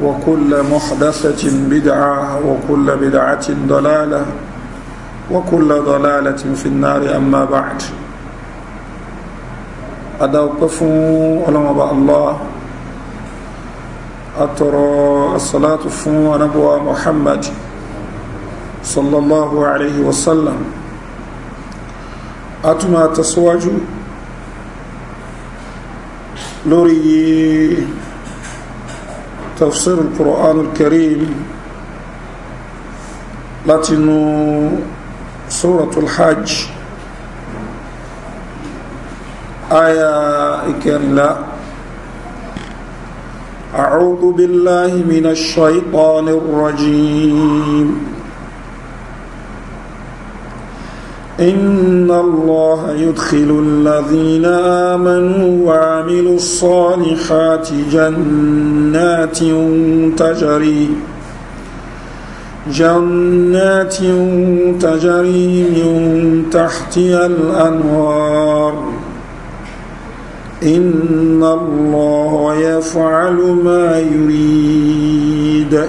وكل محدثة بدعة وكل بدعة ضلالة وكل ضلالة في النار أما بعد أدوقف علماء الله أترى الصلاة فون نبوة محمد صلى الله عليه وسلم أتما تسواج لوري تفسير القرآن الكريم لاتن سورة الحج آية كلا. أعوذ بالله من الشيطان الرجيم إن الله يدخل الذين آمنوا وعملوا الصالحات جنات تجري جنات تجري من تحتها الأنهار إن الله يفعل ما يريد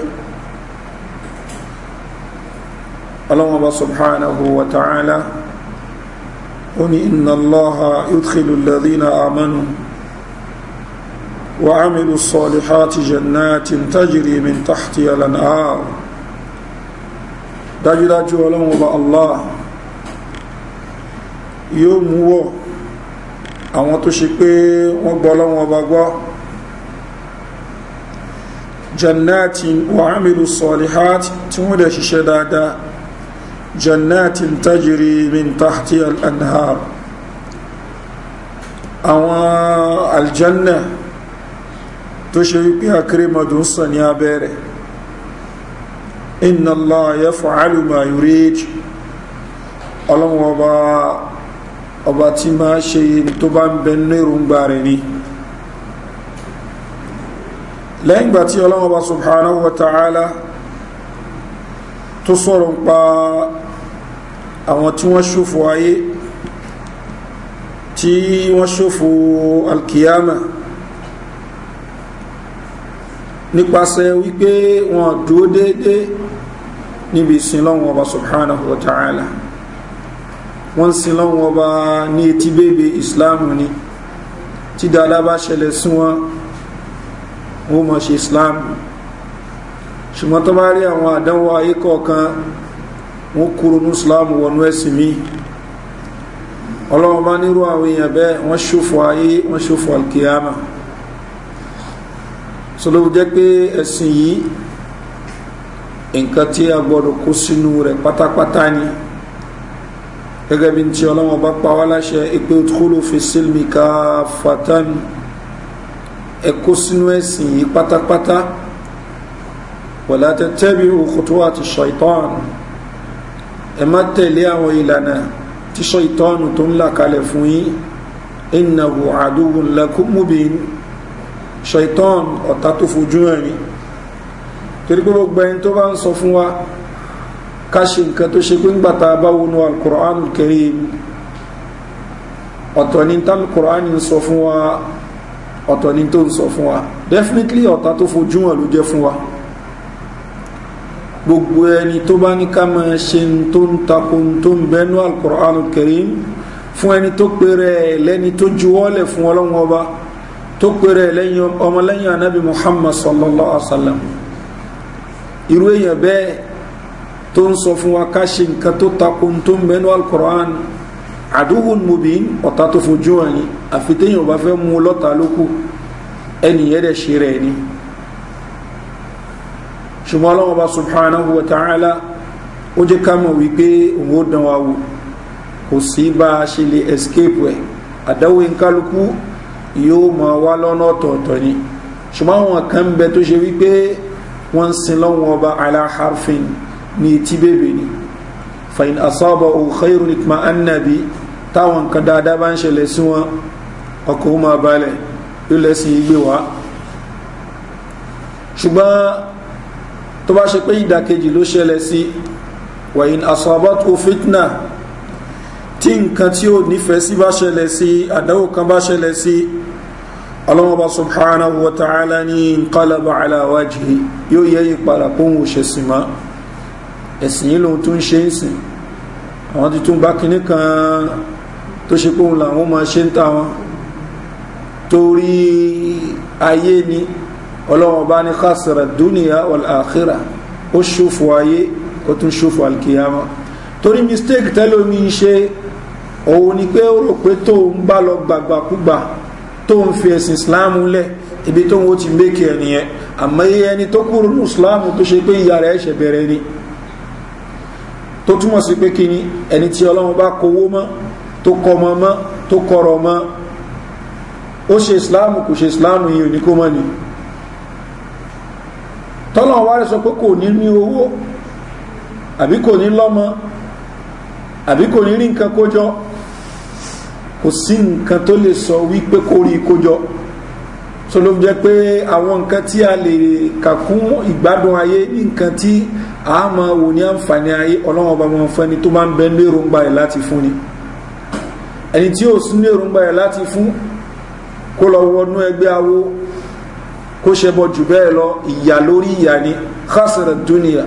اللهم سبحانه وتعالى قل إن الله يدخل الذين آمنوا وعملوا الصالحات جنات تجري من تحتها الأنهار dájúdájú ọlọ́run ọba allah yóò mú wọ̀ àwọn tó ṣe pé wọ́n gbọ́ ọlọ́run ọba gbọ́ jannati wa amilu sọ̀lìhát tí wọ́n lè ṣiṣẹ́ dáadáa جنات تجري من تحتها الأنهار أو الجنة تشري بها كريمة دنسا يا بيري إن الله يفعل ما يريد ọlọ́run ọba ọba tí máa ṣe tó bá ń bẹ nínú èròǹgbà rẹ̀ ni lẹ́yìn gbà tí ọlọ́run ọba subhanahu wa ta'ala ala tó sọ̀rọ̀ ń pa àwọn tí wọ́n ṣòfò ayé tí wọ́n ṣòfò alkiyama nípasẹ̀ wípé wọn dúó déédéé níbi ìsìn lọ́wọ́ ọba subhanahu wa ta'ala wọ́n sin lọ́wọ́ ọba ní etí bèbè islamu ni tí dáadáa bá ṣẹlẹ̀ sí wọn ó mọ̀ ṣe islamu ṣùgbọ́n tó bá rí àwọn àdánwò ayé kọ̀ọ̀kan wọ́n kúrò ní islamu wọnú ẹ̀sìn mi ọlọ́wọ́n bá nírú àwọn èèyàn bẹ́ẹ̀ wọ́n ṣòfò ayé wọ́n ṣòfò alkiyama sọlọ́ jẹ́ pé ẹ̀sìn yìí nǹkan tí a gbọ́dọ̀ kó sínú rẹ̀ pátápátá ni gẹ́gẹ́ bí tí ọlọ́wọ́n bá pa wá láṣẹ ìpé òtúkúlù fi sílmì ká sínú ẹ̀sìn yìí pátápátá. Pata wọ̀lá tẹ́tẹ́bí òkútó àti ṣọ̀ìtọ́n ẹ má tẹ̀lé àwọn ìlànà tí ṣọ̀ìtọ́nù tó ń là kalẹ̀ fún yín ìnáwó àdúgbò lẹ́kùn múbin ṣọ̀ìtọ́n ọ̀tá tó fojú ẹ̀rin torí pé gbogbo ẹni tó bá ń sọ fún wa ká ṣe nǹkan tó ṣe pé ń gbàtà bá wọnú alukur'an kẹrin ọ̀tọ̀ ní tá alukur'an ń sọ fún wa ọ̀tọ̀ ní tó ń sọ fún wa definitely ọ̀tá tó fojú hàn ló jẹ́ fún wa gbogbo ẹni tó bá ní ká máa ṣe tó ń takun tó ń bẹnu alukur'an kẹrin fún ẹni tó pèrè lẹ́ni tó juwọ́lẹ̀ fún ọlọ́run ọba tó pèrè ọmọlẹ́yìn anabi muhammad sallallahu alaihi wa sallam irú èèyàn bẹ́ẹ̀ tó ń sọ fún wa ká ṣe nǹkan tó takun tó ń bẹnu alukur'an àdúhùn mubin ọ̀tá tó fojú hàn yìí àfi téèyàn bá fẹ́ mú lọ́ta lókù ẹnìyẹn dẹ̀ ṣe rẹ̀ ni ṣùgbọ́n ọlọ́wọ́ bá subhanahu wa ta'ala ó jẹ́ ká mọ̀ wípé òun ó dán wa wò kò sí bá a ṣe lè escape ẹ̀ àdáwò nkálukú yóò mọ̀ wá lọ́nà ọ̀tọ̀ọ̀tọ̀ ni ṣùgbọ́n àwọn kan bẹ tó ṣe wípé wọ́n ń sin lọ́wọ́ ọba ala ní etí bèbè ni fain asaba o khairu nikma annabi táwọn nǹkan dáadáa bá ń ṣẹlẹ̀ sí wọn ọkọ̀ ó máa balẹ̀ yóò lẹ́sìn ìgbé ṣùgbọ́n tó bá ṣe pé ìdàkejì ló ṣẹlẹ̀ sí wàyín asọ́bọ́tò fitna tí nǹkan tí ó nífẹ̀ẹ́ sí bá ṣẹlẹ̀ sí àdáwò kan bá ṣẹlẹ̀ sí ọlọ́mọba subhanahu wa ta'ala ní nǹkanlọ́ba aláwájì yóò yẹ ìpadà kó ń ṣe sí ma ẹ̀sìn yìí lòun tún ṣe ń sìn àwọn ti tún bá kinní kan tó ṣe pé òun làwọn máa ṣe ń ta wọn torí ayé ni ọlọ́wọ́n bá ní khasara dúnìyà wal-akhirah ó ṣòfò ayé ó tún ṣòfò alkiyama torí mistake tẹ́lómi ṣe òun ni pé ó rò pé tó ń bá lọ gbàgbàkúgbà tó ń fi ẹ̀sìn islam lẹ̀ ibi tó ń wo ti mékè ẹni yẹn àmọ́ iye ẹni tó kúrò ní islam tó ṣe pé ìyá rẹ̀ ẹ̀ṣẹ̀ bẹ̀rẹ̀ ni tó túmọ̀ sí pé kí ni ẹni tí ọlọ́run bá kówó mọ́ tó kọmọ mọ́ tó kọrọ̀ mọ́ ó ṣe islam kò ṣe islam yìí ò ní kó mọ́ ni tọ́lọ̀ wá rẹ̀ sọ pé kò ní ní owó àbí kò ní lọ́mọ àbí kò ní rí nǹkan kójọ kò sí nǹkan tó lè sọ wípé kó rí kójọ so ló jẹ́ pé àwọn nǹkan tí a lè kàkún ìgbádùn ayé ní nǹkan tí a máa wò ní àǹfààní ayé ọlọ́wọ́n bá máa fẹ́ni tó máa ń bẹ ní èròǹgbà rẹ̀ láti fún ni ẹni tí ó sún ní èròǹgbà rẹ̀ láti fún kó lọ wọnú ẹgbẹ́ awo kó ṣe bọ jù bẹ́ẹ̀ lọ ìyà lórí ìyà ni khasara dunia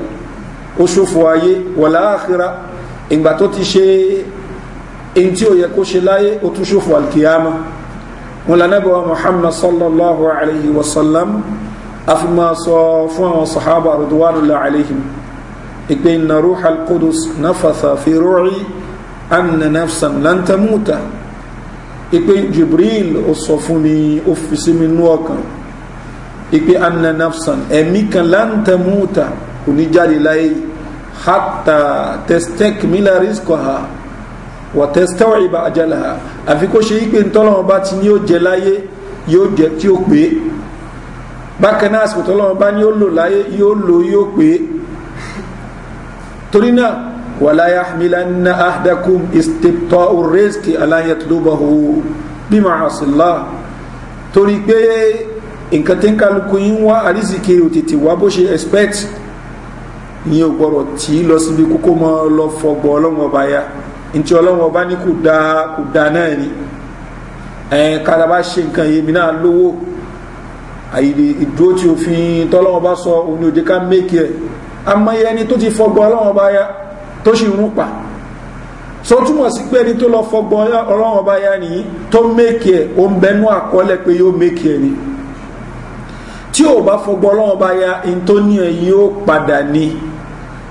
ó ṣòfò ayé wàlá àkírà ìgbà tó ti ṣe èyí tí ó yẹ kó ṣe láyé ó tún ṣòfò alkiyama wọn lànàbọ̀ wa muhammad sallallahu alayhi wa sallam a fi máa sọ fún àwọn sahaba rudwanullah alayhim ìpè ìnà ruha alqudus nafatha fi ruhi anna nafsan lan tamuta ìpè jibril ó sọ fún mi ó fi sí mi nú ọkàn ipe anna nafsan ẹ̀mí kan lantamuta oníjáde láyé hatta testek mila rizqaha wa testawiba ajalaha àfi kó ṣe ipe ntọ́lọ́wọ́n bá ti ní ó jẹ láyé yóò jẹ tí ó pé bákan náà àsìkò tọ́lọ́wọ́n bá ní ó lò láyé yóò lò yóò pé torí náà wala yahmilanna ahdakum istibta'u rizqi ala yatlubahu bima'asillah torí pé nǹkan tí ń kálukú yín wá àrísìkè ò wá bó ṣe expect ìyẹn ò gbọ́dọ̀ tí í lọ síbi kókó mọ́ lọ fọgbọ́ ọlọ́run ọba ya ntí ọlọ́run ọba ní kò dáa kò dáa náà ni ẹ̀ẹ́n kálábá ṣe nǹkan yìí mi náà lówó ìdúró tí òfin tọ́lọ́run ọba sọ òun ni òde ká méèkì ẹ̀ amáyé ẹni tó ti fọgbọ́ ọlọ́run ọba ya tó sì ń pa so túmọ̀ sí pé ẹni tó lọ fọgbọ́ ọlọ́run ọba ya nìyí tó méèkì ẹ̀ ó ń àkọọ́lẹ̀ pé yóò méèkì ẹ̀ ni tí ò bá fọgbọ́ ọlọ́run bá ya in tó ní ẹ̀yìn ó padà ní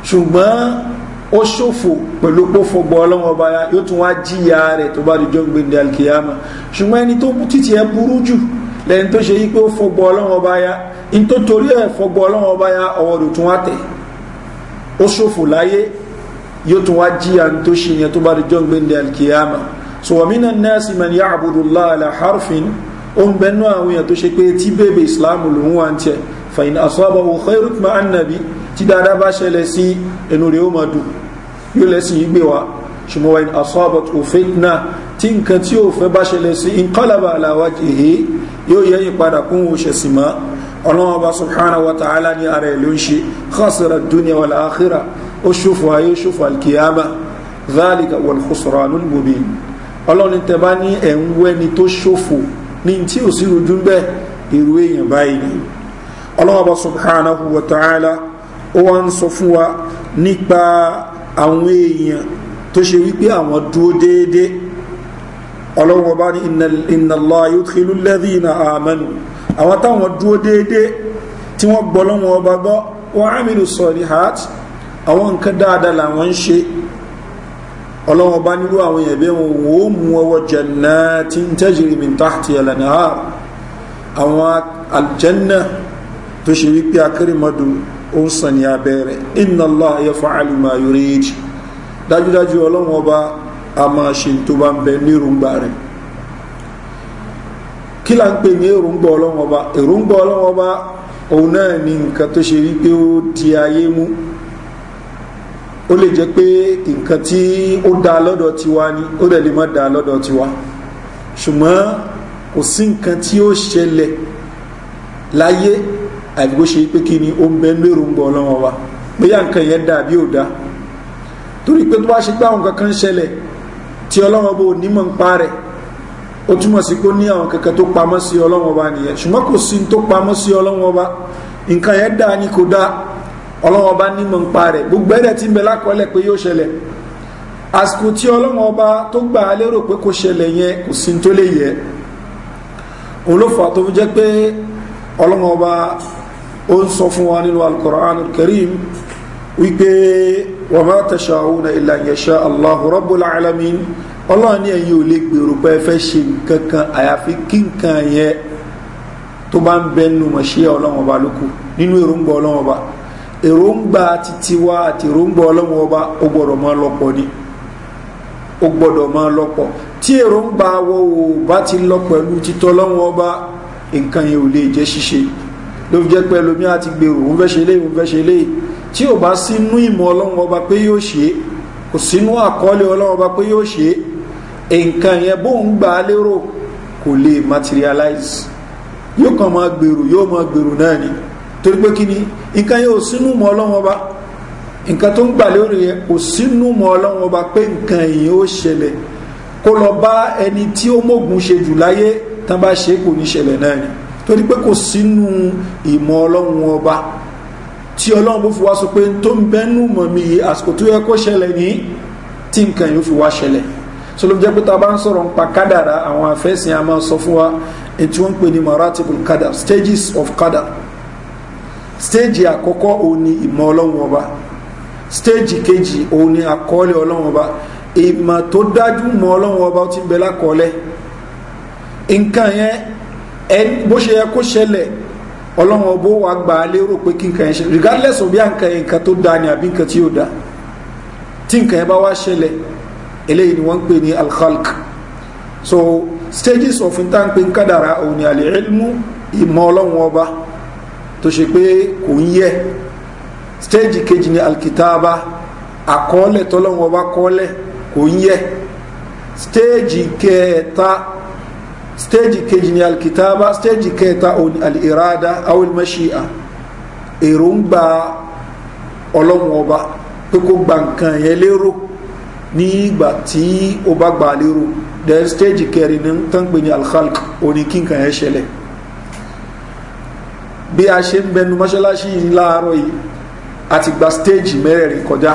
ṣùgbọ́n ó ṣòfò pẹ̀lú pó fọgbọ́ ọlọ́run bá ya yóò tún wá jíya rẹ̀ tó bá di jọ́ gbèndé alkiyama ṣùgbọ́n ẹni tó títí ẹ burú jù lẹ́ni tó ṣe yí pé ó fọgbọ́ ọlọ́run bá ya in tó torí ẹ̀ fọgbọ́ ọlọ́run bá ya ọwọ́ rẹ̀ tún wá tẹ̀ ó ṣòfò láyé yóò tún wá jíya tó ṣe yẹn tó bá di jọ́ gbèndé alkiyama sọ̀wọ́mínà nẹ́ẹ̀sì mẹ́ni yá ó ń bẹnu àwọn èèyàn tó ṣe pé tí bèbè ìsìláàmù lòún wà ń tiẹ̀ fàyìn àsọ́bọ̀ wò xeyrùk ma ànàbí tí dáadáa bá ṣẹlẹ̀ sí ẹnu rẹ̀ ó máa dùn yóò lẹ́sìn yìí gbé wa ṣùgbọ́n wàyìn àsọ́bọ̀ tó fẹ́tnà tí nǹkan tí ó fẹ́ bá ṣẹlẹ̀ sí ìkọlàbà àlàwà kìí yóò yẹ ìpadà kún ó ṣe sì mọ́ ọlọ́wọ́ bá subhanahu wa ta'ala ní ara ẹ̀ ló ń ṣe khasara dunya wal akhira ó ṣòfò ayé ṣòfò alkiyama zalika wal khusranul mubin ọlọ́run tẹ bá ní ẹ̀ ń wẹ́ni tó ṣòfò ní tí ò sí rojú bẹ́ẹ̀ irú èèyàn báyìí ni ọlọ́wọ́ba subhanahu wa ta'ala ó wá ń sọ fún wa nípa àwọn èèyàn tó ṣe wípé àwọn dúó déédéé ọlọ́wọ́ba ní ìnàlá yóò tìlú lẹ́dínà ọlọ́wọ́ bá nírú àwọn èèyàn bí wọn ò mú ọwọ́ jẹ̀nà tí ń tẹ́jìrì mi táàtì ẹ̀lẹ́nà àwọn àjẹ́nà tó ṣe wípé akérèmọ́dù ó ń sàn ní abẹ́rẹ́ iná lọ ayẹfọ́ alìmọ̀ yorùbá dájúdájú ọlọ́wọ́ bá a máa ṣe tó bá ń bẹ nírúgbà rẹ̀ kí là ń pè ní èròǹgbà ọlọ́wọ́ bá èròǹgbà ọlọ́wọ́ bá òun náà ní nǹkan tó ṣe wípé ó di ayé mú ó lè jẹ́ pé nǹkan tí ó da lọ́dọ̀ tiwa ni ó dẹ̀ lè má da lọ́dọ̀ tiwa ṣùgbọ́n kò sí nǹkan tí ó ṣẹlẹ̀ láyé àbí ṣe pé kí ni ó ń bẹ lérò ń gbọ́ ọlọ́wọ́n wa bóyá nǹkan yẹn dà bí ò dá torí pé tó bá ṣe pé àwọn kankan ṣẹlẹ̀ tí ọlọ́wọ́n bó nímọ̀ ń pa rẹ̀ ó túmọ̀ sí pé ó ní àwọn kankan tó pamọ́ sí ọlọ́wọ́n wa nìyẹn ṣùgbọ́n kò sí tó pamọ́ sí ọlọ́wọ́n wa nǹkan yẹn dà ni kò dáa ọlọ́wọ́n ọba nímọ̀ ń pa rẹ̀ gbogbo ẹ̀rẹ̀ tí ń bẹ lákọọ́lẹ̀ pé yóò ṣẹlẹ̀ àsìkò tí ọlọ́wọ́n ọba tó gbà á lérò pé kò ṣẹlẹ̀ yẹn kò sí tó lè yẹ òun ló fà tó fi jẹ́ pé ọlọ́wọ́n ọba ó ń sọ fún wa nínú alukọ̀rán kẹrìm wípé wọ́n máa tẹ̀sà òun ìlànà ìṣẹ́ aláhùn rọ́bùlà alamin ọlọ́run ọba lóko nínú èròǹgbà ọlọ́wọ́n ọba èròǹgbà titiwa àti èròǹgbà ọlọ́wọ́ ọba ó gbọ́dọ̀ máa lọ́pọ̀ ni ó gbọ́dọ̀ máa lọ́pọ̀ tí èròǹgbà wọ ò bá ti lọ pẹ̀lú titọ́ ọlọ́wọ́ ọba nǹkan yẹn ò lè jẹ́ ṣíṣe ló fi jẹ́ pé ẹlòmíà ti gbèrò òun fẹ́ ṣe lé òun fẹ́ ṣe lé tí ò bá sínú ìmọ̀ ọlọ́wọ́ ọba pé yóò ṣe é kò sínú àkọọ́lẹ̀ ọlọ́wọ́ ọba pé yóò ṣe é nǹkan yẹn bóun gbà á lérò kò lè materialize yóò kàn máa gbèrò yóò máa gbèrò náà ni torí pé kí ni nǹkan yẹn ò sínú mọ́ ọlọ́wọ́n ọba nǹkan tó ń gbà lórí yẹn kò sínú mọ́ ọlọ́wọ́n ọba pé nǹkan yẹn ó ṣẹlẹ̀ kó lọ bá ẹni tí ó mógun ṣe jù láyé tán bá ṣe kò ní ṣẹlẹ̀ náà ni torí pé kò sínú ìmọ̀ ọlọ́wọ́n ọba tí ọlọ́run bó fi wá sọ pé tó ń bẹ́nu mọ̀ mi àsìkò tó yẹ kó ṣẹlẹ̀ ní tí nǹkan yóò fi wá ṣẹlẹ̀ so jẹ́ pé ta bá ń sọ̀rọ̀ ń pa kádàrà àwọn afẹ́sìn a máa sọ fún wa ètí ń pè ní maratibul kádà stages of kádàrà stéèjì àkọ́kọ́ òun ni ìmọ̀ ọlọ́run ọba stéèjì kejì òun ni àkọọ́lẹ̀ ọlọ́run ọba ìmọ̀ tó dájú mọ̀ ọlọ́run ọba ó ti bẹ lákọọ́lẹ̀ nǹkan yẹn bó ṣe yẹ kó ṣẹlẹ̀ ọlọ́run ọba ó wà gbà á lérò pé kí nǹkan yẹn ṣẹlẹ̀ regardless of bí nǹkan yẹn nǹkan tó da ni àbí nǹkan tí yóò da tí nǹkan yẹn bá wá ṣẹlẹ̀ eléyìí ni wọ́n ń pè ní alkhalq so stages of nǹkan pé ń kádàrà òun ni àlè ìlmú ìmọ̀ ọlọ́run ọba tó ṣe pé kò ń yẹ stéèjì kejì ni alkitaba àkọọ́lẹ̀ tọ́lọ́wọ́ bá kọ́ọ́lẹ̀ kò ń yẹ stéèjì kẹta stéèjì kejì ni alkitaba stéèjì kẹta òní alìrada awolmashia èròǹgbà ọlọ́wọ́ ọba pé kó gba nǹkan yẹn lérò ní ìgbà tí ó bá gbà lérò then stéèjì kẹrin ní tán pè ní alkhalq òní kí nǹkan yẹn ṣẹlẹ̀ bí a ṣe ń bẹnu mọ́ṣáláṣí yìí láàárọ̀ yìí àti gba stéèjì mẹ́rẹ̀ẹ̀rin kọjá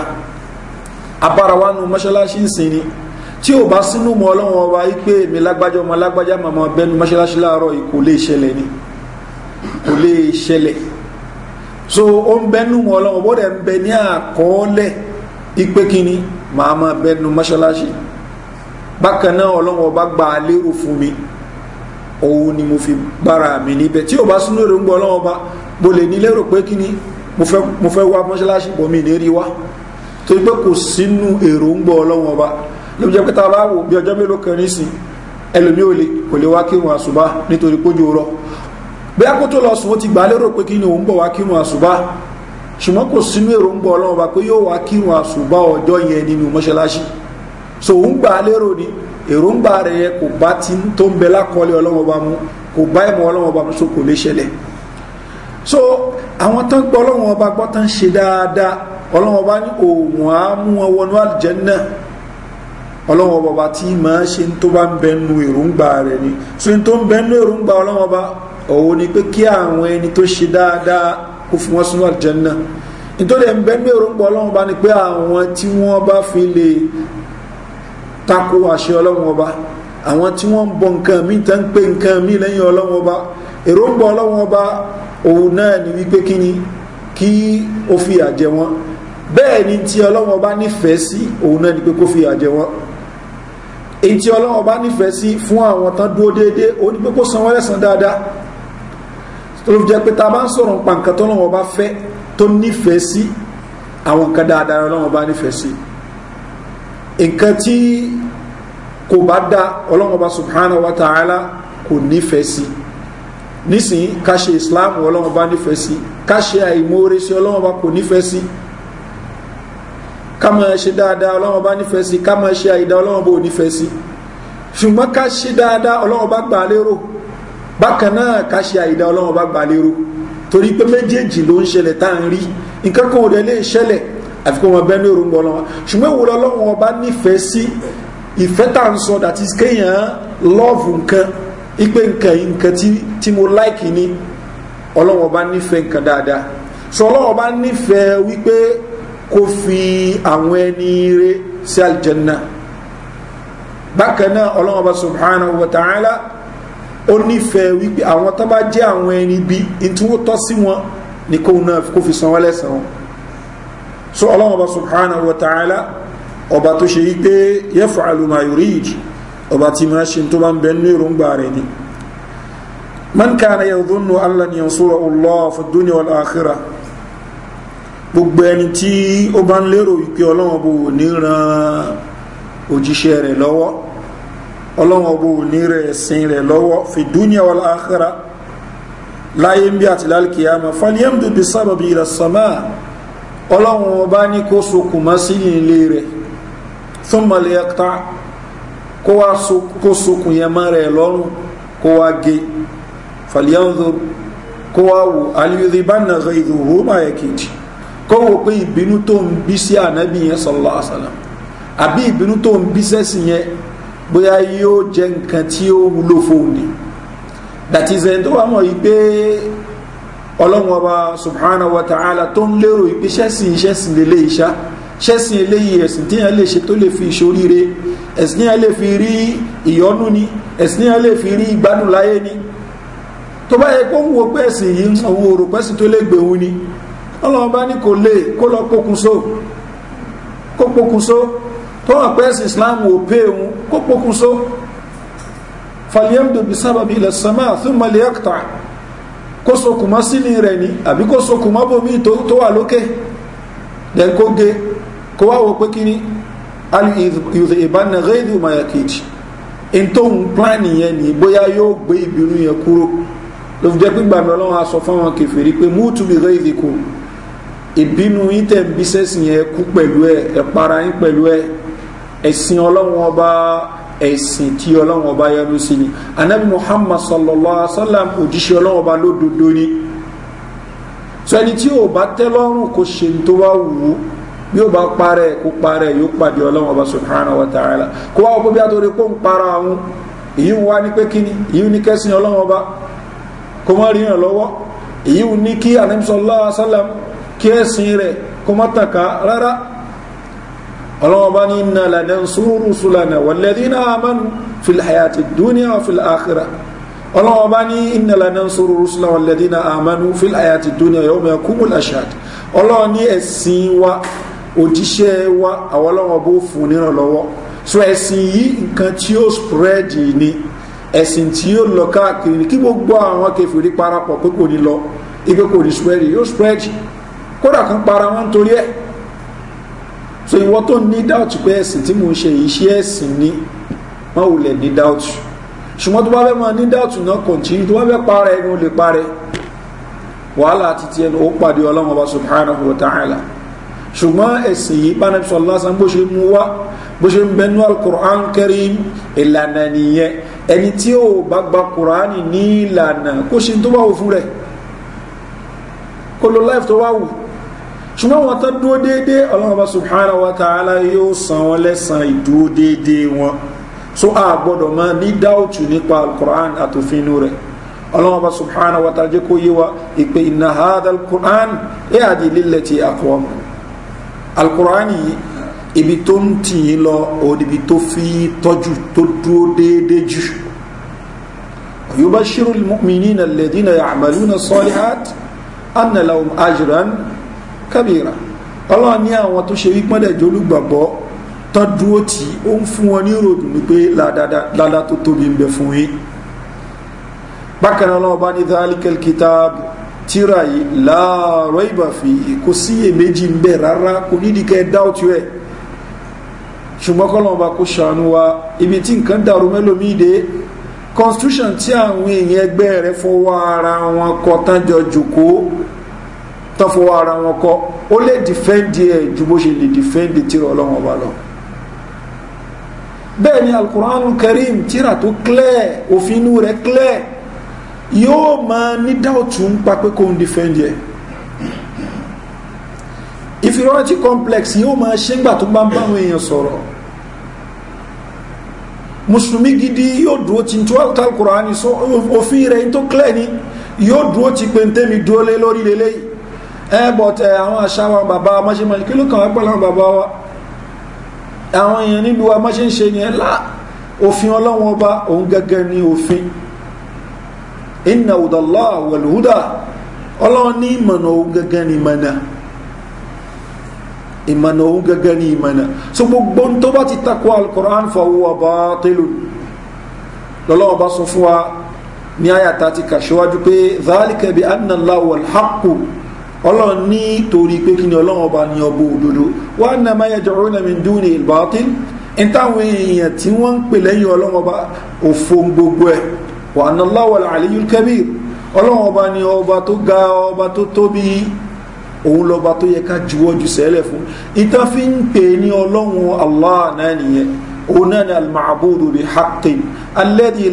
abára wa nu mọ́ṣáláṣí ìsìn ni tí ò bá sínú mọ́ ọlọ́run ọba yìí pé èmi lágbájá ọmọ lágbájá màmá bẹnu mọ́ṣáláṣí láàárọ̀ yìí kò lè ṣẹlẹ̀ ni kò lè ṣẹlẹ̀ so ó ń bẹnu mọ́ ọlọ́run bó dẹ̀ ń bẹ ní àkọọ́lẹ̀ ipe kíni màá máa bẹnu mọ́ṣáláṣí bákan náà ọlọ́run ọba gba lérò fún mi òun ni mo fi bára mi níbẹ̀ tí ò bá sínú èrò ń gbọ́ ọlọ́wọ́ bá mo lè ní lérò pé kí ni mo fẹ́ wá mọ́ṣáláṣí bọ̀ mí ní rí wá torí pé kò sínú èrò ń gbọ́ ọlọ́wọ́ bá lóbi jẹ́ pé tá a bá wò bí ọjọ́ mélòó kan nísìn ẹlòmí ò lè kò lè wá kírun àṣùbá nítorí pójú rọ bí a kó tó lọ sùn ó ti gbà lérò pé kí ni òun bọ̀ wá kírun àṣùbá ṣùgbọ́n kò sínú èrò ń gbọ́ ọlọ́wọ́ bá pé yóò wá kírun àṣùbá ọjọ́ yẹn nínú mọ́ṣáláṣí so òun gbà lérò ni èròǹgbà rẹ̀ yẹ kò bá ti tó ń bẹ lákọọ́lẹ̀ ọlọ́wọ́ bá kò bá ìmọ̀ ọlọ́wọ́ bá so kò lè ṣẹlẹ̀ so àwọn tán gbọ́ ọlọ́wọ́ bá gbọ́ tán ṣe dáadáa ọlọ́wọ́ bá ní òògùn á mú wọn wọnú tí máa ṣe tó bá ń bẹnu èròǹgbà rẹ̀ ni so tó ń bẹnu èròǹgbà ọlọ́wọ́ bá òun ni pé kí àwọn ẹni tó ṣe dáadáa kó fún wọn sínú àlùjẹ́ náà nítorí ẹ̀ ń bẹnu èròǹgbà ọlọ́wọ́ bá ni pé àwọn tí wọ́n bá fi lè tako àṣẹ ọlọ́run ọba àwọn tí wọ́n ń bọ nǹkan mi tán ń pè nǹkan mi lẹ́yìn ọlọ́run ọba èròǹgbà ọlọ́run ọba òun náà ni wípé kí ni kí ó fi àjẹ wọn bẹ́ẹ̀ ni tí ọlọ́run ọba nífẹ̀ẹ́ sí òun náà ni pé kó fi àjẹ wọn èyí tí ọlọ́run ọba nífẹ̀ẹ́ sí fún àwọn tán dúró déédéé ó ní pé kó san wọ́n lẹ́sàn dáadáa tó fi jẹ́ pé ta bá ń sọ̀rọ̀ pàǹkà tọ́lọ́run ọba fẹ́ tó nífẹ̀ẹ́ sí àwọn nǹkan dáadáa ọlọ́run ọba nífẹ̀ẹ́ sí nǹkan tí kò bá dá ọlọ́mọba subhanahu wa ta'ala kò nífẹ̀ẹ́ sí nísìnyí ká ṣe islam ọlọ́mọba nífẹ̀ẹ́ sí ká ṣe àìmóore sí ọlọ́mọba kò nífẹ̀ẹ́ sí ká máa ṣe dáadáa ọlọ́mọba nífẹ̀ẹ́ sí ká máa ṣe àìdá ọlọ́mọba ò nífẹ̀ẹ́ sí ṣùgbọ́n ká ṣe dáadáa ọlọ́mọba gbà lérò bákan náà ká ṣe àìdá ọlọ́mọba gbà lérò torí pé méjèèjì ló ń ṣẹlẹ̀ tá à ń rí nǹkan kan ò dẹ̀ lè ṣẹlẹ̀ àfi kó wọn bẹ́ ní òrùngbọ ọlọ́wọ́ ṣùgbọ́n ìwòlọ́ ọlọ́wọ́ ọba nífẹ̀ẹ́ sí ìfẹ́ tà ń sọ dàtí kéèyàn lọ́ọ̀fù nǹkan ipe nǹkan yìí nǹkan tí mo láìkì ni ọlọ́wọ́ ọba nífẹ̀ẹ́ nǹkan dáadáa sọ ọlọ́wọ́ ọba nífẹ̀ẹ́ wípé kó fi àwọn ẹni rẹ sí àlìjẹ́nà bákan náà ọlọ́wọ́ ọba subhanahu wa ta'ala ó nífẹ̀ẹ́ wípé àwọn tó bá jẹ́ àwọn ẹni bí ntí wọ́n sí wọn ni kóun náà kó fi san wọ́n lẹ́sàn-án so ọlọ́run ọba subhanahu wa ta'ala ọba tó ṣe wípé yaf'alu ma yurid ọba tí máa ṣe tó bá ń bẹ nínú èròǹgbà rẹ̀ ni man kana yadhunnu an lan yansurahu Allah fi dunya wal akhirah gbogbo ẹni tí ó bá ń lérò wípé ọlọ́run ọba ò ní ran òjíṣẹ́ rẹ̀ lọ́wọ́ ọlọ́run ọba ò ní rẹ̀ ẹ̀sìn rẹ̀ lọ́wọ́ fi dunya wal láyé ń bí àtìlálkìyàmà falyamdud bisababi ila samaa ọlọ́run bá ní kó sokùnmọ́ sí ilé rẹ̀ súnmọ̀lẹ̀ ẹ̀ta kó wá sokùn yẹn mọ́ rẹ̀ lọ́rùn kó wá gé fàlíyànzó kó wá wò aliyuzi bá nà ṣe ìdòwò máa yẹ kejì kó wò pé ìbínú tó ń bí sí ànábì yẹn sọlọ àṣàlám àbí ìbínú tó ń bí sẹ́sì yẹn bóyá yóò jẹ́ nǹkan tí ó wúlò fóun ni dàtí zẹ́ńtó wà mọ̀ yìí pé ọlọ́run ọba subhana wa ta'ala tó ń lérò ìpé ṣẹ́sìn ṣẹ́sìn lè lè ìṣá ṣẹ́sìn eléyìí ẹ̀sìn tí yẹn lè ṣe tó lè fi ìṣoríire ẹ̀sìn yẹn lè fi rí ìyọnú ni ẹ̀sìn yẹn lè fi rí ìgbádùn láyé ni tó bá yẹ kó ń wo pé ẹ̀sìn yìí òun òrò pẹ́sìn tó lè gbèhun ni ọlọ́run bá ní kò lè kó lọ pokùnso kó pokùnso tó hàn pé ẹ̀sìn islam ò pé òun kó pokùnso fàlíyàmdòbí sábàbí ilẹ̀ sàmà thumma liyaqta' kó sokùnmọ́ sílì rẹ̀ ni àbí kó sokùnmọ́ bomi tó wà lókè then kó ge kó wá wo pé kí ni alìyùzẹ̀ ìbánà rédíò mayakid in tó ń plan yẹn ni bóyá yóò gbé ìbínú yẹn kúrò ló fi jẹ́ pígbà mi ọlọ́run aṣọ fún àwọn kẹfìrí pé mútu bí rédíò kù ìbínú yín tẹ̀ ń bí sẹ́sìn yẹn kú pẹ̀lú ẹ̀ ẹ̀ para yín pẹ̀lú ẹ̀ ẹ̀sìn ọlọ́run ọba ẹ̀sìn tí ọlọ́run ọba yẹnu sí ni anabi muhammad sallallahu alaihi wa sallam òjíṣẹ́ ọlọ́run ọba lódodo ni sọ ẹni tí ò bá tẹ́ lọ́rùn kò ṣe ní tó bá wù ú bí ó bá parẹ́ kó parẹ́ yóò pàdé ọlọ́run ọba subhanahu wa ta'ala kó wá ọkọ̀ bí àtòrí kó ń para àwọn èyí ń wá ní pé kíni èyí ní kẹ́sìn ọlọ́run ọba kó má rí ìrànlọ́wọ́ èyí ní kí anamisọ́lá sálàm kí ẹ̀sìn rẹ̀ kó má tàka rárá ọlọ́wọ́n bá ní iná lànà sùúrù sùlànà wàlẹ́dí náà amánu filhayati dúníà filakira ọlọ́wọ́n bá ní iná lànà sùúrù sùlànà wàlẹ́dí náà amánu filhayati dúníà yóò mẹ́ kúmùl aṣáàdì ọlọ́wọ́n ní ẹ̀sìn wa òjíṣẹ́ wa àwọn ọlọ́wọ́n bó fún so ẹ̀sìn yìí nǹkan tí ó spread ni ẹ̀sìn tí ó lọ káàkiri kí gbogbo àwọn kẹfìrí parapọ̀ pé kò ní lọ ibi kò ní spread yóò spread kódà kan para wọn torí ẹ̀ so ìwọ tó ní doubt pé ẹ̀sìn tí mò ń ṣe iṣẹ́ ẹ̀sìn ni wọ́n ò lẹ̀ ní doubt ṣùgbọ́n tó bá fẹ́ máa ní doubt náà continue tó bá fẹ́ parẹ́ ẹni ó lè parẹ́ wàhálà àti tiẹ̀ ní ó pàdé ọlọ́run ọba subhanahu wa ta'ala ṣùgbọ́n ẹ̀sìn yìí bánàbí sọ̀rọ̀ lásán bó ṣe mú wá bó ṣe ń bẹnu alukur'an kẹrin ìlànà nìyẹn ẹni tí ó bá gba kur'an ní ìlànà kó ṣe tó bá wù fún rẹ̀ kó lo life tó bá wù ṣùgbọ́n wọn tó dúó déédé ọlọ́run bá subhanahu wa ta'ala yóò san wọn lẹ́sàn ìdúó déédé wọn so a gbọ́dọ̀ mọ́ ní dáòtù nípa alukur'an àtòfinú rẹ̀ ọlọ́run bá subhanahu wa ta'ala jẹ́ kó yé wa ìpè inna hadha alukur'an ẹ̀ àdì lílẹ̀ ti àkọ́ ọmọ alukur'an yìí ibi tó ń tì lọ òdibi tó fi tọ́jú tó dúó déédé jù yóò bá ṣírù mímí lẹ́dínà yàmàlú nà sọ́líhàt anna lahum ajran kábìrà ọlọ́run ní àwọn tó ṣe wípọ́n dẹ̀ jólúgbàgbọ́ tán dúró tí ó ń fún wọn ní ròdù wípé ládá tó tóbi ń bẹ fún yín bákan náà ọlọ́run bá ní dáálíkẹ́l kìtàbù tíra yìí láàárọ̀ ìbàfì kò síyè méjì ń bẹ rárá kò nídìí kẹ́ dáòtú ẹ̀ ṣùgbọ́n kọ́lọ́run bá kó ṣàánú wa ibi tí nǹkan dàrú mẹ́lòmíì dé constitution tí àwọn èèyàn ẹgbẹ́ rẹ̀ fọwọ́ ara wọn kọ tán jọ jòkó tán fọwọ́ ara wọn kọ́ ó lè dìfẹ́ǹdì ẹ̀ ju bó ṣe lè dìfẹ́ǹdì tìrọ ọlọ́run ọba lọ bẹ́ẹ̀ ni alukur'an karim tírà tó clear òfin inú rẹ̀ clear yóò máa ní dáòtú ń pa pé kò ń dìfẹ́ǹdì ẹ̀ ìfiránti complex yóò máa ṣe ń gbà tó bá ń bá àwọn èèyàn sọ̀rọ̀ musulmi gidi yóò dúró ti tó alukura ni so òfin rẹ̀ tó clear ni yóò dúró ti pé ń tẹ́mi dúró lé lórí lélẹ́yìí ẹ bọ̀ tẹ àwọn àṣà wa bàbá wa máṣe máṣe kí ló kàn wá pẹ̀lú àwọn bàbá wa àwọn èèyàn nílùú wa máṣe ń ṣe ni ẹ lá òfin ọlọ́wọ́n ọba òun gẹ́gẹ́ ní òfin iná òdàlá wẹ̀lúhúdà ọlọ́wọ́n ní ìmọ̀nà òun gẹ́gẹ́ ní ìmọ̀nà ìmọ̀nà òun gẹ́gẹ́ ní ìmọ̀nà so gbogbo tó bá ti takò alukoran fọwọ́ ọba tẹ́lù lọ́lọ́wọ́n bá sọ fún wa ní àyàtà ti kà síwájú pé zálìkẹ́ bí annalá ọlọ́run ní torí pé kí ni ọlọ́run ọba ní ọbọ̀ òdodo wọ́n na máa yẹjọ orí nàmi dún ní ìbátín ní táwọn èèyàn tí wọ́n ń pè lẹ́yìn ọlọ́run ọba òfo gbogbo ẹ̀ wà á náláwọ̀ àlẹ́yìn kẹ́bíir ọlọ́run ọba ní ọba tó ga ọba tó tóbi òun lọ́ba tó yẹ ká juwọ́ ju sẹ́lẹ̀ fún ìtàn fi ń pè ní ọlọ́run allah náà nìyẹn òun náà ni al-ma'abudu haqqin alẹ́dìí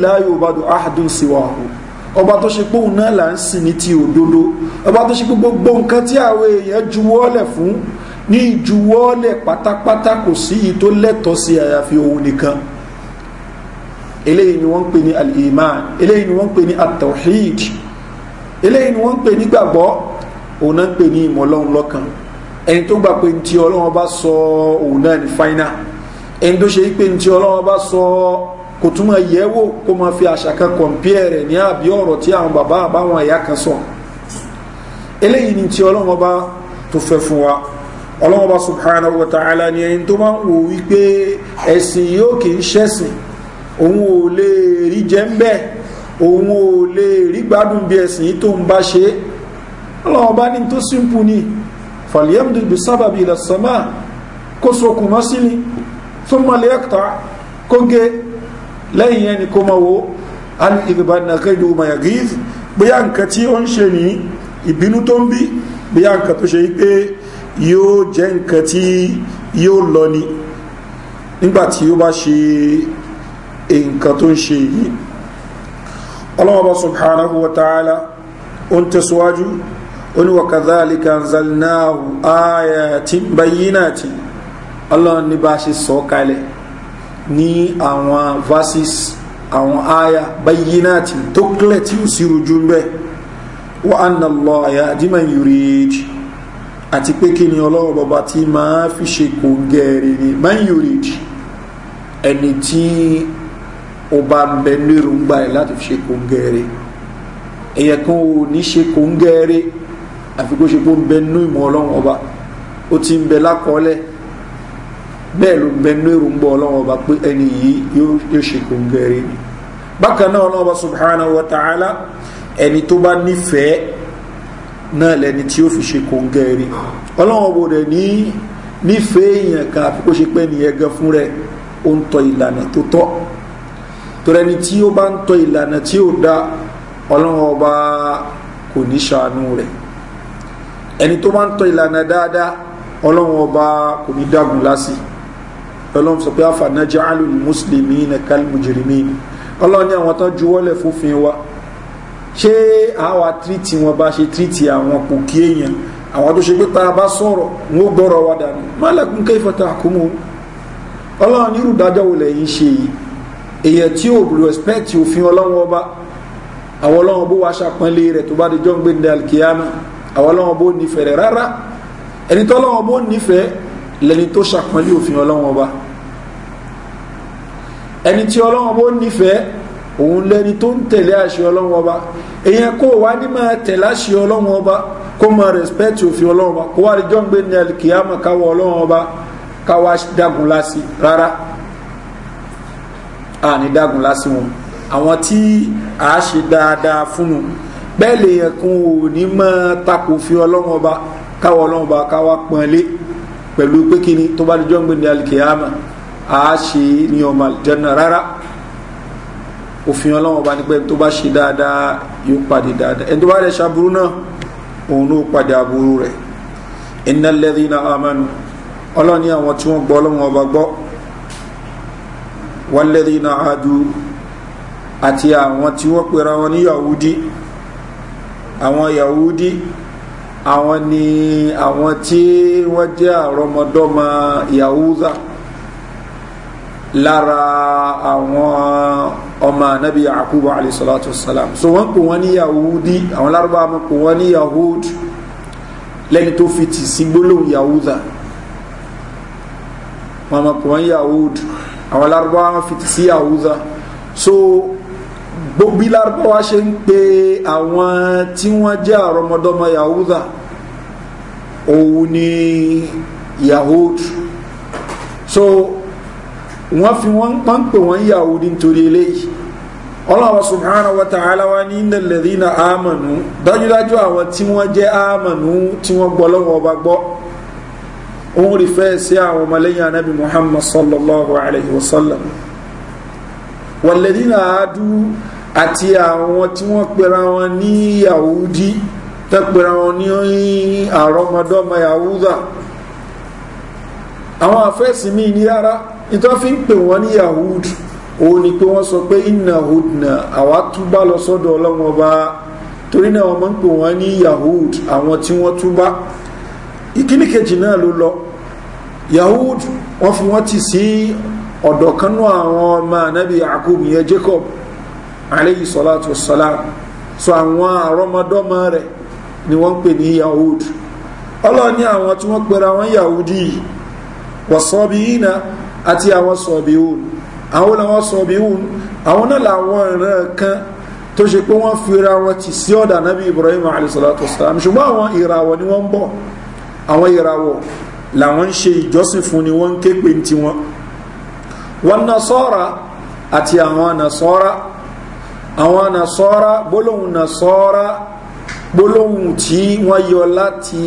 ọba tó ṣe pé òun náà là ń sìn ní ti òdodo ọba tó ṣe pé gbogbo nǹkan tí àwọn èèyàn juwọ́lẹ̀ fún ní ìjuwọ́lẹ̀ pátápátá kò sí yìí tó lẹ́tọ̀ọ́ sí àyàfi òun nìkan eléyìí ni wọ́n ń pè ní al-iman eléyìí ni wọ́n ń pè ní at eléyìí ni wọ́n ń pè ní gbàgbọ́ òun náà ń pè ní ìmọ̀ ọlọ́run lọ́kan ẹni tó gbà pé ti ọlọ́run bá sọ òun náà ní fáínà ẹni tó ṣe pé ti ọlọ́run bá sọ kò túmọ̀ yẹ̀wò kó máa fi àṣà kan kọ̀m̀pìẹ̀ rẹ̀ ní àbí ọ̀rọ̀ tí àwọn bàbá àbáwọn ẹ̀yà kan sọ eléyìí ni tí ọlọ́run ọba tó fẹ́ fún wa ọlọ́run ọba subhanahu wa ta'ala ni ẹni tó máa ń wò wípé ẹ̀sìn yóò kì í ṣẹ̀sìn òun ò lè rí jẹ́ ń bẹ́ẹ̀ òun ò lè rí gbádùn bí ẹ̀sìn yìí tó ń bá ṣe ọlọ́run ọba ní tó simple ni fàlíyàmdùdù sábàbí ìlàsánmà kó sokùn mọ́ sílẹ̀ tó mọ̀ lẹ́ẹ̀kta kó gé lẹ́yìn yẹn ni kó máa wo ali ìdìbàdàn akẹ́jọ́ mayagiz bóyá nǹkan tí ó ń ṣe ní ìbínú tó ń bí bóyá nǹkan tó ṣe pé yóò jẹ́ nǹkan tí yóò lọ ni nígbàtí ó bá ṣe nǹkan tó ń ṣe yìí ọlọ́wọ́bá subhanahu wa ta'ala ó ń tẹ̀síwájú ó ní wàkàzálìkà zalnahu ayatin bayyinatin ọlọ́run ní bá ṣe sọ kalẹ̀ ní àwọn verses àwọn aya bayyinati tó kílẹ̀ tí ó sì rújú ń bẹ́ wa anna lọ àyà dímọ̀ yurid àti pé kí ni ọlọ́wọ́ bọba tí máa fi ṣe kò gẹ̀ẹ́rẹ̀ ni man yurid ẹni tí ó bá ń bẹ nírú ń gbà láti fi ṣe kò gẹ̀ẹ́rẹ̀ èyàn kan ò ní ṣe kò gẹ̀ẹ́rẹ̀ àfikún ṣe kó ń bẹ nínú ìmọ̀ ọlọ́wọ́ ọba ó ti ń bẹ lákọọ́lẹ̀ bẹ́ẹ̀ ló bẹnu èròǹgbọ́ ọlọ́wọ́ bá pé ẹni yìí yóò ṣe kò ni bákan náà ọlọ́wọ́ subhana wa ta'ala ẹni tó bá nífẹ̀ẹ́ náà lẹni tí ó fi ṣe kò ń gẹ̀rẹ́ ọlọ́wọ́ bò dẹ̀ ní nífẹ̀ẹ́ èèyàn kan àfi kó ṣe pé nìyẹn gan fún rẹ̀ ó ń tọ ìlànà tó tọ́ torí ẹni tí ó bá ń tọ ìlànà tí ó da ọlọ́wọ́ bá kò ní ṣàánú rẹ̀ ẹni tó bá ń tọ ìlànà dáadáa ọlọ́wọ́ bá kò ní dágun lásìí ọlọ́run sọ pé àfànájà alùn mùsùlùmí ní kálmùjìrìmí ọlọ́run ní àwọn tán juwọ́lẹ̀ fófin wa ṣé àwa tírìtì wọn bá ṣe tírìtì àwọn kò kí èèyàn àwọn tó ṣe pé tá a bá sọ̀rọ̀ wọn ó gbọ́rọ̀ wa dànù má lẹ́kùn kẹ́ ìfọ̀tà àkómọ́ ọlọ́run nírú dájọ́ wo lẹ́yìn ṣe yìí èèyàn tí ò respect òfin ọlọ́run ọba àwọn ọlọ́run bó wa ṣàpọ́nlé rẹ̀ tó bá di jọ́ ń gbé ní alkiyama àwọn ọlọ́run bó nífẹ̀ẹ́ rẹ̀ rárá ẹni tọ́lọ́run bó nífẹ̀ẹ́ lẹni tó ṣàpọ́nlé òfin ọlọ́wọ́n ọba ẹni tí ọlọ́wọ́n bó nífẹ̀ẹ́ òun lẹni tó ń tẹ̀lé àṣẹ ọlọ́wọ́n ọba èèyàn kó wá ní máa tẹ̀lé àṣẹ ọlọ́wọ́n ọba kó máa rẹ̀spẹ́tì òfin ọlọ́wọ́n ọba kó wá lè jọ́ ń gbé ní alikiyama káwọ́ ọlọ́wọ́n ọba káwá dágun lásì rárá a ní dágun lásì wọn àwọn tí a ṣe dáadáa fúnnu bẹ́ẹ̀ lèèyàn kan ò ní máa takò òfin ọlọ́wọ́n ọba káwọ́ ọlọ́wọ́n ọba káwá pọ́nlé pẹ̀lú pé kí ni tó bá dijọ́ ń gbé ní alikiyama a ṣe ní ọmọ aljanna rárá òfin ọlọ́wọ́n bá ní pé tó bá ṣe dáadáa yóò pàdé dáadáa ẹni tó bá rẹ̀ ṣàbúrú náà òun ló pàdé àbúrú rẹ̀ iná lẹ́dí iná amánu ọlọ́ni àwọn tí wọ́n gbọ́ ọlọ́wọ́n ọba gbọ́ wọ́n lẹ́dí iná adu àti àwọn tí wọ́n pera wọn ní yahudi àwọn yahudi àwọn ni àwọn tí wọ́n jẹ́ àrọmọdọ́mọ yahuda lára àwọn ọmọ anabi yakubu alayhi salatu wasalam so wọ́n pè wọ́n ní yahudi àwọn lárúbá wọn pè wọ́n ní yahud lẹ́ni tó fi tì sí gbólóhùn yahuda wọ́n pè wọ́n yahud àwọn lárúbá wọn fi tì sí yahuda so gbogbo ilárúbáwá ṣe ń pe àwọn tí wọ́n jẹ́ àrọmọdọ́mọ yahuda òun ni yahud so wọ́n fi wọ́n pọ́n pè wọ́n yahud nítorí eléyìí ọlọ́wọ́ subhanahu wa ta'ala wa ní nàlẹ́rí na amànú dájúdájú àwọn tí wọ́n jẹ́ amànú tí wọ́n gbọ́ lọ́wọ́ ọba gbọ́ òun rí fẹ́ sí àwọn ọmọlẹ́yìn anábì muhammad sallallahu alayhi wa sallam wàlẹ́rí na adú àti àwọn tí wọ́n pera wọn ní yahudi tán pera wọn ní àrọmọdọ́mọ yahuda àwọn àfẹ́sì míì ní rárá ìtọ́ fi ń pè wọ́n ní yahudi òun ni pé wọ́n sọ pé inna hudna àwa túbá lọ sọ́dọ̀ ọlọ́wọ́n bá torí náà wọ́n máa ń pè wọ́n ní yahud àwọn tí wọ́n túbá ìkíní kejì náà ló lọ yahud wọ́n fi wọ́n ti sí ọ̀dọ̀ kanú àwọn ọmọ anabi yakub yẹn jacob aleyhi salatu wasalam so àwọn àrọmọdọ́mọ rẹ̀ ni wọ́n pè ní yahud ọlọ́ni àwọn tí wọ́n pẹ̀rẹ̀ àwọn yahudi wọ̀sọ́bí iná àti àwọn sọ̀bí òun àwọn làwọn sọ̀bí òun àwọn náà làwọn ìran kan tó ṣe pé wọ́n fira wọn ti sí ọ̀dà náà ibrahim alayhi salatu wasalam ṣùgbọ́n àwọn ìràwọ̀ ni wọ́n ń bọ̀ àwọn ìràwọ̀ làwọn ń ṣe ìjọsìn fún ni wọ́n ń ké pé ń tiwọn wọn nasọ́ra àti àwọn nasọ́ra àwọn nasọ́ra gbólóhùn nasọ́ra gbólóhùn tí wọ́n yọ láti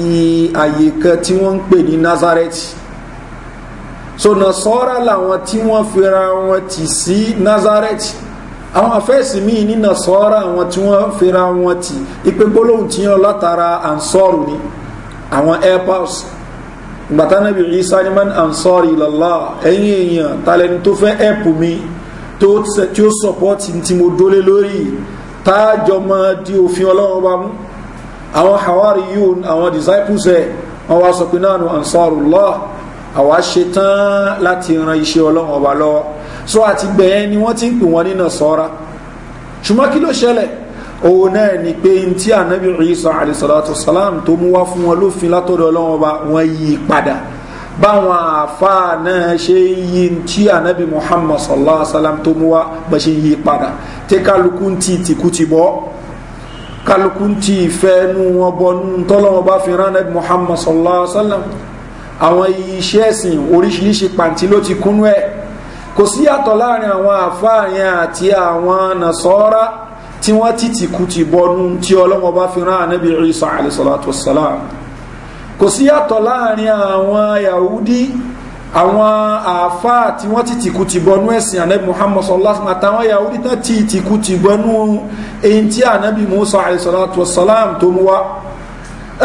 àyè kan tí wọ́n ń pè ní nazareth so nasọ́ra làwọn tí wọ́n fira wọn ti sí nazareth àwọn afẹ́sì míì ní nasọ́ra àwọn tí wọ́n fira wọn ti ipe gbólóhùn tí yọ látara ansọ́rù ni àwọn airpods gbàtánàbì isa ni man ansọ́rì lọ́lá ẹ̀yìn èèyàn talẹ́ni tó fẹ́ ẹ̀pù mi tí ó sọpọ́tì tí mo dólé lórí táàjọ mọ́ di òfin ọlọ́run bá mú àwọn hawari yóò àwọn disciples ẹ̀ wọ́n wá sọ pé náà nù ansarullah àwa ṣetán láti ran iṣẹ́ ọlọ́run ọba lọ́wọ́ so àti gbẹ̀yẹn ni wọ́n ti ń pè wọ́n nínà sọ́ra ṣùgbọ́n kí ló ṣẹlẹ̀ òun náà ni pé n tí ànábì Isa alayhi salatu salam tó mú wá fún wọn lófin látọ̀dọ̀ ọlọ́run ọba wọ́n yí padà báwọn àáfàá náà ṣe yí tí anabi muhammad sallallahu alaihi wa sallam tó mú wa bá ṣe yí padà tí kálukú ti tìkú ti bọ́ kálukú ti ìfẹ́ nu wọn bọ́ tọ́lọ́wọ́n bá fi rán anabi muhammad sallallahu alaihi wa sallam àwọn iṣẹ́ ẹ̀sìn oríṣiríṣi pàǹtí ló ti kúnú ẹ̀ kò sí yàtọ̀ láàrin àwọn àáfàá yẹn àti àwọn nàṣọ́ra tí wọ́n ti tìkú ti bọ́ tí ọlọ́wọ́n bá fi rán anabi isa alayhi salatu wa salam kò sí yàtọ̀ láàrin àwọn yahudi àwọn àáfàá tí wọ́n ti tìkú ti bọnú ẹ̀sìn anabi muhammad sallallahu alaihi wa sallam àtàwọn yahudi náà ti tìkú ti bọnú eyín tí anabi musa alayhi salatu wa salam tó mú wa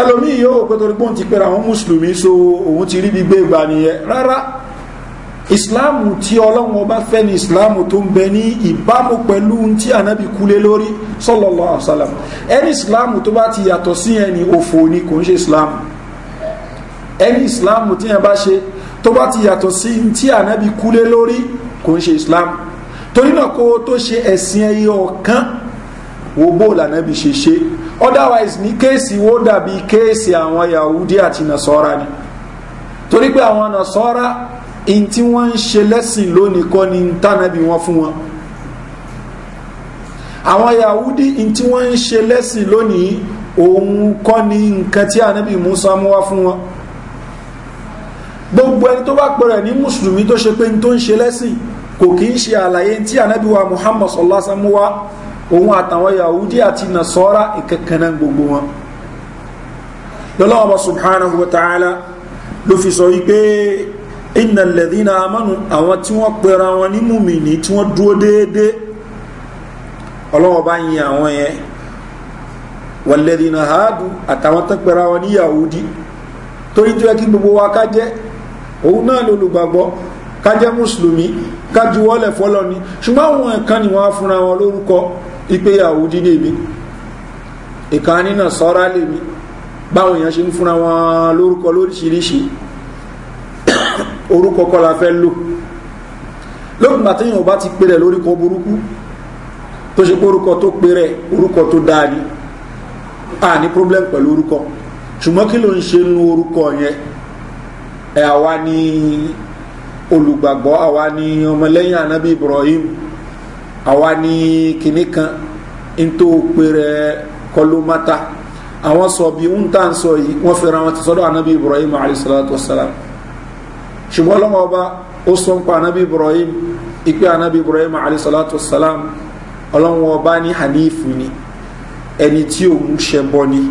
ẹlòmíì yóò pé torí pọ́n ti pẹ́ra àwọn mùsùlùmí so òun ti rí bí gbé ìgbà nìyẹn rárá ìsìláàmù tí ọlọ́run ọba fẹ́ ni ìsìláàmù tó ń bẹ ní ìbámu pẹ̀lú tí ànábì kúlé lórí sọ́lọ́lọ́ àṣálàm ẹni ìsìláàmù tó bá ti yàtọ̀ sí ẹni òfò ni kò ń ṣe ìsìláàmù ẹni islam tí yẹn bá ṣe tó bá ti yàtọ̀ sí tí ànábì kúlé lórí kò ń ṣe islam torí náà kó tó ṣe ẹ̀sìn ẹyẹ ọ̀kan wo bó lànábì ṣe ṣe otherwise ní kéèsì wo dàbí kéèsì àwọn yahudi àti nasọra ni torí pé àwọn nasọra in tí wọ́n ń ṣe lẹ́sìn lónìí kọ́ ni tànábì wọn fún wọn àwọn yahudi in tí wọ́n ń ṣe lẹ́sìn lónìí òun kọ́ ni nǹkan tí ànábì musa mú wá fún wọn gbogbo ẹni tó bá pẹ̀rẹ̀ ní mùsùlùmí tó ṣe pé tó ń ṣe lẹ́sìn kò kí ń ṣe àlàyé tí anábíwa muhammad sallásánmú wa òun àtàwọn yahudi àti nasọ́ra ìkẹkẹ̀nà gbogbo wọn lọ́lọ́wọ́ subhanahu wa ta'ala ló fi sọ wípé iná lẹ́dínà amánu àwọn tí wọ́n pẹ̀rẹ̀ wọn ní mùmìnì tí wọ́n dúró déédéé ọlọ́wọ́ bá yin àwọn yẹn wọ́n lẹ́dínà háàdù àtàwọn tó pẹ̀rẹ̀ wọn ní yahudi torí tó yẹ kí gbogbo wa ká jẹ́ òun náà ni olùgbàgbọ́ ká jẹ́ mùsùlùmí ká juwọ́lẹ̀ fọ́lọ́ ni ṣùgbọ́n àwọn nǹkan ni wọ́n á fúnra wọn lórúkọ ipe yahudi lèmi ìkan nínà sọ́ra lèmi báwọn èèyàn ṣe ń fúnra wọn lórúkọ lóríṣiríṣi orúkọ kọ́ la fẹ́ lò lókùnbà téèyàn bá ti pè rẹ̀ lórúkọ burúkú tó ṣe pé orúkọ tó pè rẹ̀ orúkọ tó dáa ni a ní problem pẹ̀lú orúkọ ṣùgbọ́n kí ló ń ṣe nu orúkọ yẹn ẹ àwa ni olùgbàgbọ́ àwa ni ọmọlẹ́yìn anabi ibrahim àwa ni kìnnì kan ntó pèrè kọlómátà àwọn sọ bí ń tà ń sọ yìí wọ́n fẹ́ràn wọn ti sọ́dọ̀ anabi ibrahim alayhi salatu salam ṣùgbọ́n lọ́wọ́ ọba ó sọ ń pa anabi ibrahim ìpè anabi ibrahim alayhi salatu salam ọlọ́wọ́ ọba ní hanif ni ẹni tí òun ṣẹbọ ni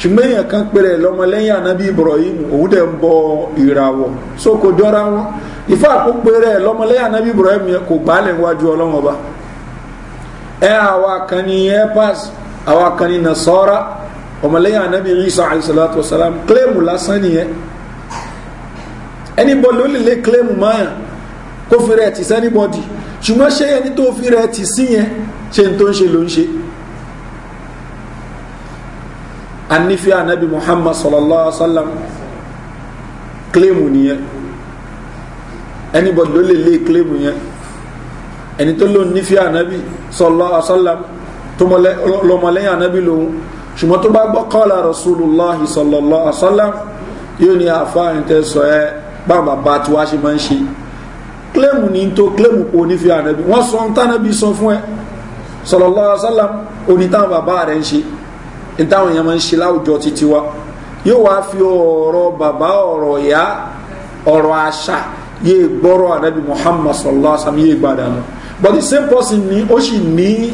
ṣùgbọ́n èèyàn kan pèrè lọ́mọlẹ́yìn ànábì ibrahim òun dẹ̀ ń bọ ìràwọ̀ so kò jọra wọn ìfẹ́ àpò pèrè lọ́mọlẹ́yìn ànábì ibrahim yẹn kò gbálẹ̀ wájú ọlọ́wọ́n ọba ẹ àwa kan ní epas àwa kan nasara ọmọlẹ́yìn anabi isa alayhisalatu wasalam kílẹ̀mù lásán nìyẹn ẹni bọ́ọ̀lù ó lè lé kílẹ̀mù máyà kó fi rẹ̀ tì sẹ́nibọ́dì ṣùgbọ́n ṣé ẹni tó fi rẹ̀ tì sí yẹn ṣe ń tó ń ṣe ló ń ṣe anífẹ́ anabi muhammad sallallahu alaihi wa sallam kílèmù nìyẹn anybody ló lè lé kílèmù yẹn ẹni tó lóun nífẹ́ anabi sallallahu alaihi wa sallam tó lọmọlẹ́yìn anabi lòun ṣùgbọ́n tó bá gbọ́ kọ́lá rasulullahi sallallahu alaihi wa sallam yóò ní àfáà ní tẹ́ sọ ẹ́ báwọn bàbá tí wàá ṣe máa ń ṣe kílẹ̀mù ní tó kílẹ̀mù kò ní fi ànàbí wọ́n sọ ń tánàbí sọ fún ẹ sọ̀rọ̀lọ́ ní táwọn èèyàn máa ń ṣe láwùjọ títí wa yóò wá fi ọ̀rọ̀ bàbá ọ̀rọ̀ ìyá ọ̀rọ̀ àṣà yéé gbọ́rọ̀ ànábì muhammad sallallahu alaihi wa sallam yéé gbàdánù but the same person ni ó sì ní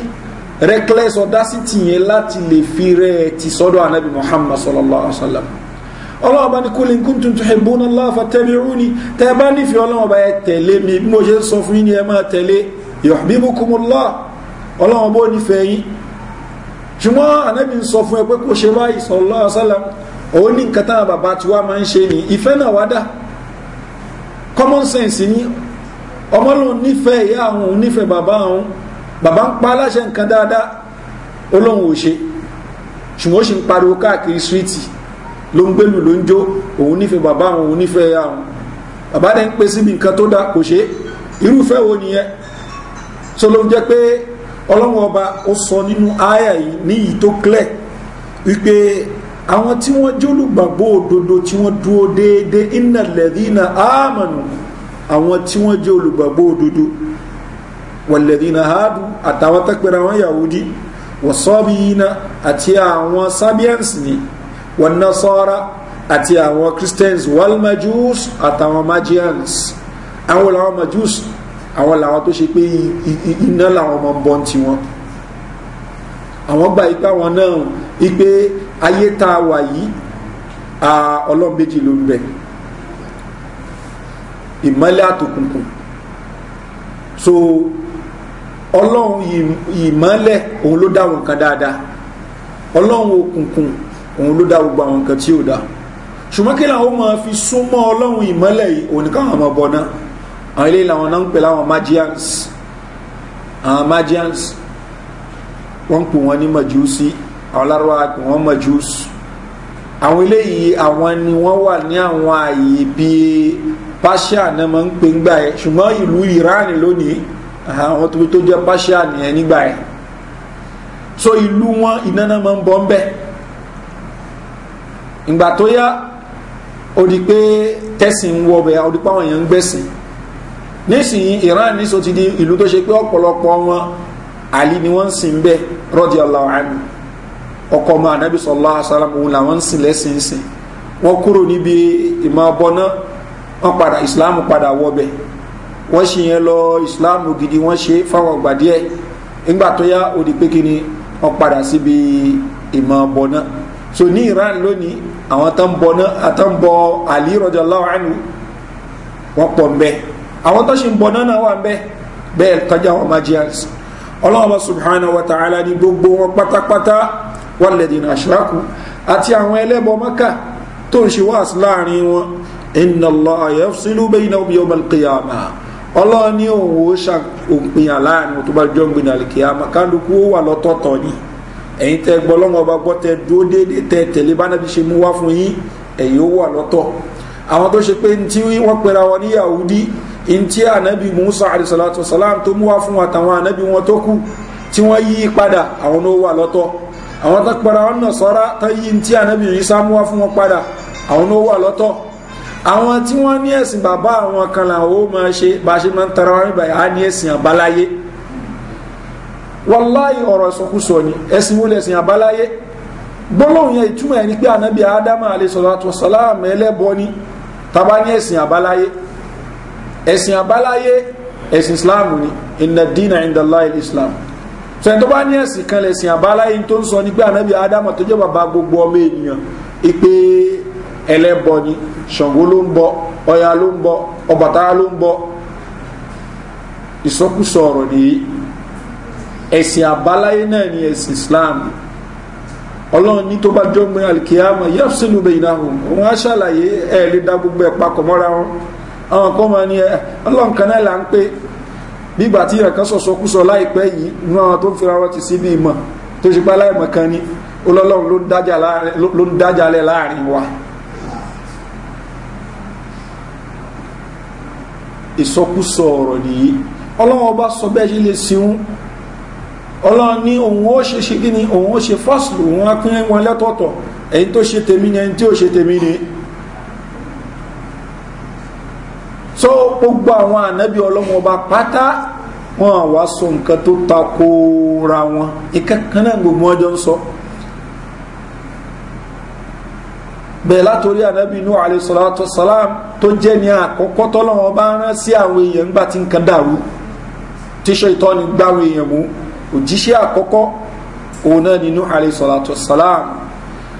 reckless audacity yẹn láti lè fi rẹ ti sọ́dọ̀ anabi muhammad sallallahu alaihi wa sallam ọlọ́ọ̀bá ní kúlín kúntùn tó hẹ̀bùn náà fa tẹ́bìrú ni tẹ́ bá nífẹ̀ẹ́ ọlọ́ọ̀bá ẹ tẹ̀lé mi bí mo ṣe ń sọ fún yín ni ẹ máa tẹ̀lé yọ̀bíbùkúmùlá ọlọ́ọ̀bá ó nífẹ̀ẹ́ yín ṣùgbọ́n anábì ń sọ fún ẹ pé kò ṣe báyìí sallallahu alaihi wasallam òun ní nǹkan táwọn bàbá tí wá máa ń ṣe ní ìfẹ́ náà wá dá common sense ní ọmọlóhun nífẹ̀ẹ́ ìyá àwọn òun nífẹ̀ẹ́ bàbá àwọn bàbá ń pa aláṣẹ nǹkan dáadáa olóhun ò ṣe ṣùgbọ́n ó ṣe ń pariwo káàkiri síwìtì ló ń gbélù ló ń jó òun nífẹ̀ẹ́ bàbá àwọn òun ìyá àwọn bàbá dẹ̀ ń pè síbi nǹkan tó dáa kò ṣe irúfẹ́ wo nìyẹn so ló ń jẹ́ pé ọlọ́wọ́n ọba ó sọ nínú àyà yìí ní yìí tó clear wípé àwọn tí wọ́n jólùgbàgbọ́ òdodo tí wọ́n dúró déédéé iná lẹ́dínà ámànù àwọn tí wọ́n jẹ́ olùgbàgbọ́ òdodo wàlẹ́dínà háàdù àtàwọn tẹ́pẹ̀rẹ̀ àwọn yahudi wọ̀sọ́bí iná àti àwọn sabians ni wọ́n ná sọ́ra àti àwọn christians wal majus àtàwọn magians àwọn làwọn majus àwọn làwọn tó ṣe pé iná làwọn ọmọ ń bọ́ ń tiwọn àwọn gba ipá wọn náà ipe ayé tá a wà yìí ọlọ́run méjì ló ń bẹ ìmọ́lẹ̀ àtòkùnkùn so ọlọ́run ìmọ́lẹ̀ òun ló dá wọn kan dáadáa ọlọ́run òkùnkùn òun ló dá gbogbo àwọn nǹkan tí ò dá ṣùgbọ́n kí làwọn máa fi súnmọ́ ọlọ́run ìmọ́lẹ̀ yìí òun nìkan àwọn ọmọ bọ̀ náà àwọn ilé làwọn náà ń pè láwọn magians àwọn magians wọ́n ń pè wọ́n ní majusi àwọn lárúbáwá pè wọ́n majus àwọn eléyìí àwọn ni wọ́n wà ní àwọn ààyè bíi pasha náà máa ń pè ń gbà yẹn ṣùgbọ́n ìlú iran lónìí àwọn tóbi tó jẹ́ pasha nìyẹn nígbà yẹn so ìlú wọn iná náà máa ń bọ́ ń bẹ́ẹ̀ ìgbà tó yá ó pé tẹ́sìn ń wọ ọbẹ̀ ó pé àwọn èèyàn ń gbẹ̀sìn nísìnyí iran níso ti di ìlú tó ṣe pé ọ̀pọ̀lọpọ̀ wọn àlì ni wọ́n ń sìn bẹ́ẹ̀ rọ́dí ọláwàánù ọkọ̀ ọmọ ànábì sọ̀lá àsálàmù òun làwọn ń sìn lẹ́sìnsìn wọ́n kúrò níbi ìmọ̀ ọbọ̀nà wọ́n padà ìsìláàmù padà wọ́bẹ̀ wọ́n ṣe yẹn lọ ìsìláàmù gidi wọ́n ṣe fáwọn ọgbà díẹ̀ nígbà tó yá odi pé kí ni wọ́n padà síbi ìmọ̀ ọbọ̀nà so ní iran lónìí àwọn tó àlì rọ́dí ọláwàánù wọ́n pọ̀ mbẹ́ẹ̀ àwọn tó ṣe ń bọ̀ náà wà ń bẹ́ bẹ́ẹ̀ kọjá wọn magians ọlọ́wọ́ subhanahu wa ta'ala ni gbogbo wọn pátápátá wà lẹ́dìnà aṣáku àti àwọn ẹlẹ́bọ mọ́kà tó ń ṣe wáàsí láàrin wọn iná lọ àyẹ́fúsílú bẹ́yìn náà yọmọ kìyàmà ọlọ́wọ́ ní òun ó ṣàpìyà láàrin wọn tó bá jọ ń gbin àlìkìyàmà kálukú ó wà lọ́tọ̀ọ̀tọ̀ ni ẹ̀yin tẹ́ gbọ́ lọ́wọ́ ọba gbọ́ tẹ dúó déédéé tẹ tẹ̀lé bá náà ṣe mú wá fún yín ẹ̀yin ó wà lọ́tọ̀ àwọn tó ṣe pé tí wọ́n pera wọn ní yahudi ntí anabi musa alayhisalatu wasalam tó mú wá fún àtàwọn anabi wọn tó kú tí wọ́n yí padà àwọn ló wà lọ́tọ̀ àwọn tó padà wọn nà sọ́ra tó yí ntí anabi isa mú wá fún wọn padà àwọn ló wà lọ́tọ̀ àwọn tí wọ́n ní ẹ̀sìn bàbá àwọn kan làwọn ó máa ṣe bá a ṣe máa ń tara wọn nígbà á ní ẹ̀sìn àbáláyé wàláyé ọ̀rọ̀ ìsọkúsọ ni ẹ̀sìn wọlé ẹ̀sìn àbáláyé gbólóhùn yẹn ìtumọ̀ ẹni pé anabi adama alayhisalatu wasalam ẹlẹ́bọ ni taba ní ẹ̀sìn àbáláyé ẹ̀sìn àbáláyé ẹ̀sìn islam ni inna dina inda islam sẹ́ni tó bá ní ẹ̀sìn kan lẹ̀sìn àbáláyé tó ń sọ ní pé ànábì ádámà tó jẹ́ bàbá gbogbo ọmọ ènìyàn ipe ẹlẹ́bọ ni ṣàngó ló ń bọ ọya ló ń bọ ọbàtà ló ń bọ ìsọkúsọ ọ̀rọ̀ nìyí ẹ̀sìn àbáláyé náà ni ẹ̀sìn islam ọlọ́run ní tó bá jọ́ mọ́ alikiyama yẹ́fṣẹ́lú bẹ̀yìn náà òun á ṣàlàyé ẹ̀ẹ́lẹ́dá gbogbo ẹ̀ papọ̀ mọ́ra wọn àwọn kan máa ní ẹ ọlọ́run kan náà là ń pé nígbà tí ìrẹ̀kan sọ̀sọ̀ kú sọ láìpẹ́ yìí inú àwọn tó ń fira wọn ti sí ní ìmọ̀ tó ṣe pé aláìmọ̀ kan ni ọlọ́run ló ń dájálẹ̀ láàrin wa ìsọkúsọ ọ̀rọ̀ nìyí ọlọ́run ọba sọ bẹ́ẹ̀ ṣe lè sinú ọlọ́run ní òun ó ṣe ṣe kí ni òun ó ṣe fásitì òun á pín wọn lẹ́tọ̀ọ̀tọ̀ ẹ̀yìn tó ṣe tèmi ni ẹni tí ó ṣe tèmi ni. so gbogbo àwọn ànábì ọlọ́run ọba pátá wọn wá sọ nǹkan tó takora wọn ìkankan náà gbogbo ọjọ́ ń sọ bẹ̀ẹ̀ látòrí ànábì inú àlesọ̀rọ̀ sàlám tó jẹ́ ní àkọ́kọ́ tọ́lọ́wọ́n bá rán sí àwọn èèyàn ńgbà tí nǹkan dàrú tíṣọ́ ìtọ́ni gbáwọn èèyàn mú òjíṣẹ́ àkọ́kọ́ òun náà nínú àlesọ̀rọ̀ sàlám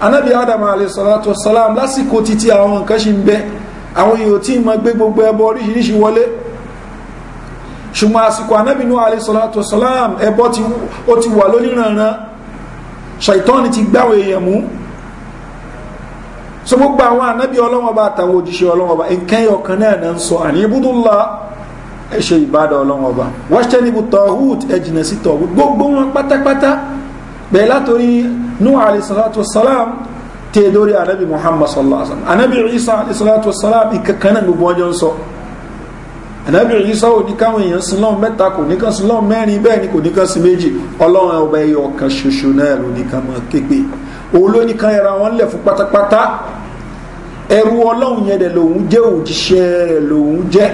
ànábì adam àlesọ̀rọ̀ sàlám lásìkò títí àwọn nǹkan ṣì ń bẹ́ẹ̀ àwọn èèyàn tí ma gbé gbogbo ẹbọ oríṣiríṣi wọlé ṣùgbọ́n àsìkò anábìnú alẹ́sọ̀látọ̀ sọ́lám ẹbọ ó ti wà lóníranran ṣàìtọ́ni ti gbáwọ̀ èèyàn mú so gbogbo àwọn anábì ọlọ́wọ́ bá àtàwọn òjíṣẹ́ ọlọ́wọ́ bá nǹkan ọ̀kan náà náà ń sọ àní ibùdókòlá ẹ ṣe ìbádà ọlọ́wọ́ bá wáṣẹ́ níbi tọ́hút ẹ sí tọ́hút gbogbo wọn pátápátá bẹ̀ẹ́ látòrí nuh alẹ́sọ̀látọ̀ sọ́lám te dori anabi muhammad sallallahu alaihi wasallam anabi isa alayhi salatu wassalam ikakana gbogbo ọjọ́ ń sọ anabi isa ò ní káwọn èèyàn sin lọ́n mẹ́ta kò ní kan sin lọ́n mẹ́rin bẹ́ẹ̀ ni kò ní kan sin méjì ọlọ́run ọba ẹyọ ọ̀kan ṣoṣo náà ló ní kan máa képe òun ló ní kan ẹra wọn lẹ̀ fún pátápátá ẹrú ọlọ́run yẹn dẹ̀ lòun jẹ́ òjíṣẹ́ rẹ̀ lòun jẹ́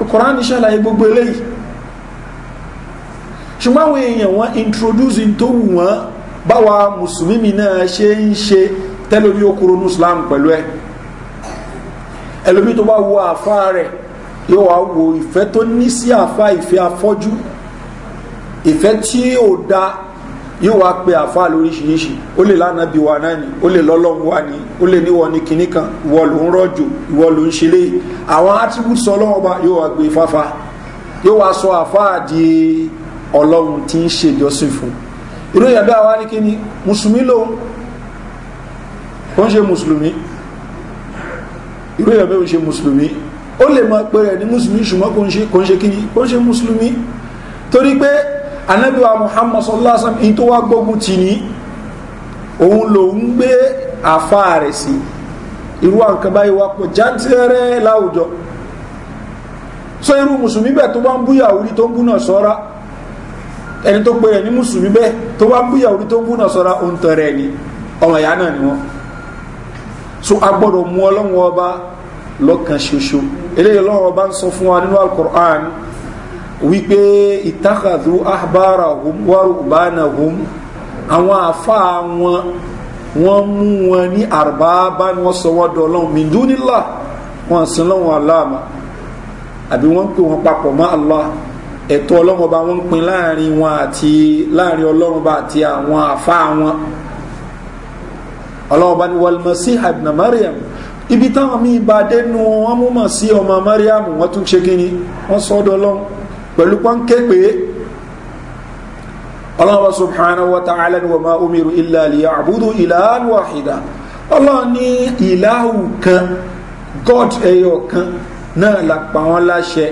akọ̀rán ní ṣàlàyé gbogbo eléyìí ṣùgbọ́n àwọn èèyàn wọn introduce tó wù báwa mùsùlùmí náà ṣe ń ṣe tẹ́lómi ó kúrò ní islam pẹ̀lú ẹ ẹlòmí tó bá wo àfá rẹ̀ yóò wá wo ìfẹ́ tó ní sí àfá ìfẹ́ afọ́jú ìfẹ́ tí ó da yóò wá pe àfá lóríṣiríṣi ó lè lánà bí wà náà ni ó lè lọ́lọ́run wà ní ó lè níwọ ní kinní kan ìwọ ló ń rọ́jò ìwọ ló ń ṣeré àwọn attributes ọlọ́wọ́ bá yóò wá gbé fáfá yóò wá sọ àfá di ọlọ́run tí ń ṣèjọsìn fún ìròyìn àbí àwa ní kíni mùsùlùmí lòun kò ń ṣe mùsùlùmí irú èèyàn bẹ́ẹ̀ ń ṣe mùsùlùmí ó lè máa pè rẹ̀ ní mùsùlùmí ṣùgbọ́n kò ń ṣe kò ń ṣe kíni kò ń ṣe mùsùlùmí torí pé anábìwá muhammad sallallahu alaihi wasallam tó wá gbógun tì ní òun lòun gbé àfáà rẹ̀ sí irú àǹkan báyìí wá pọ̀ jántẹ́rẹ́ láwùjọ so irú mùsùlùmí bẹ́ẹ̀ tó bá ń búyà orí tó ń bú náà sọ́ra ẹni tó pè ní mùsùlùmí bẹ́ẹ̀ tó bá ń búyà orí tó ń bú náà sọ́ra òun ni ọmọ ìyá náà ni wọ́n so a gbọ́dọ̀ mú ọlọ́wọ́ ọba lọ́kàn ṣoṣo eléyìí lọ́wọ́ ọba ń sọ fún wa nínú alukur'an wípé ìtàkàdù ahbara hum warubana hum àwọn àfáà wọn wọ́n mú wọn ní àrùbábá ni wọ́n sọ wọ́n dọ̀lọ́wọ́ mìdúnilá wọn sin lọ́wọ́ aláàmà àbí wọ́n pè wọn papọ̀ mọ́ allah ẹ̀tọ́ ọlọ́wọ́ ọba wọn ń pin láàrin wọn àti láàrin ọlọ́wọ́ ọba àti àwọn àfáà wọn ọlọ́ọ̀bá ni walmasi ibn mariam ibi táwọn míì bá dé nu wọn mú mọ̀ sí ọmọ mariam wọ́n tún ṣe kíni wọ́n sọ́dọ̀ ọlọ́run pẹ̀lú pọ́ńkẹ́ pé ọlọ́ọ̀bá subhanahu wa ta'ala ni wọ́n máa omiru ilà àlìyà àbúrò ilà wàhídà ọlọ́ọ̀ ní ìlàhù kan god ẹyọ kan náà la pa wọ́n láṣẹ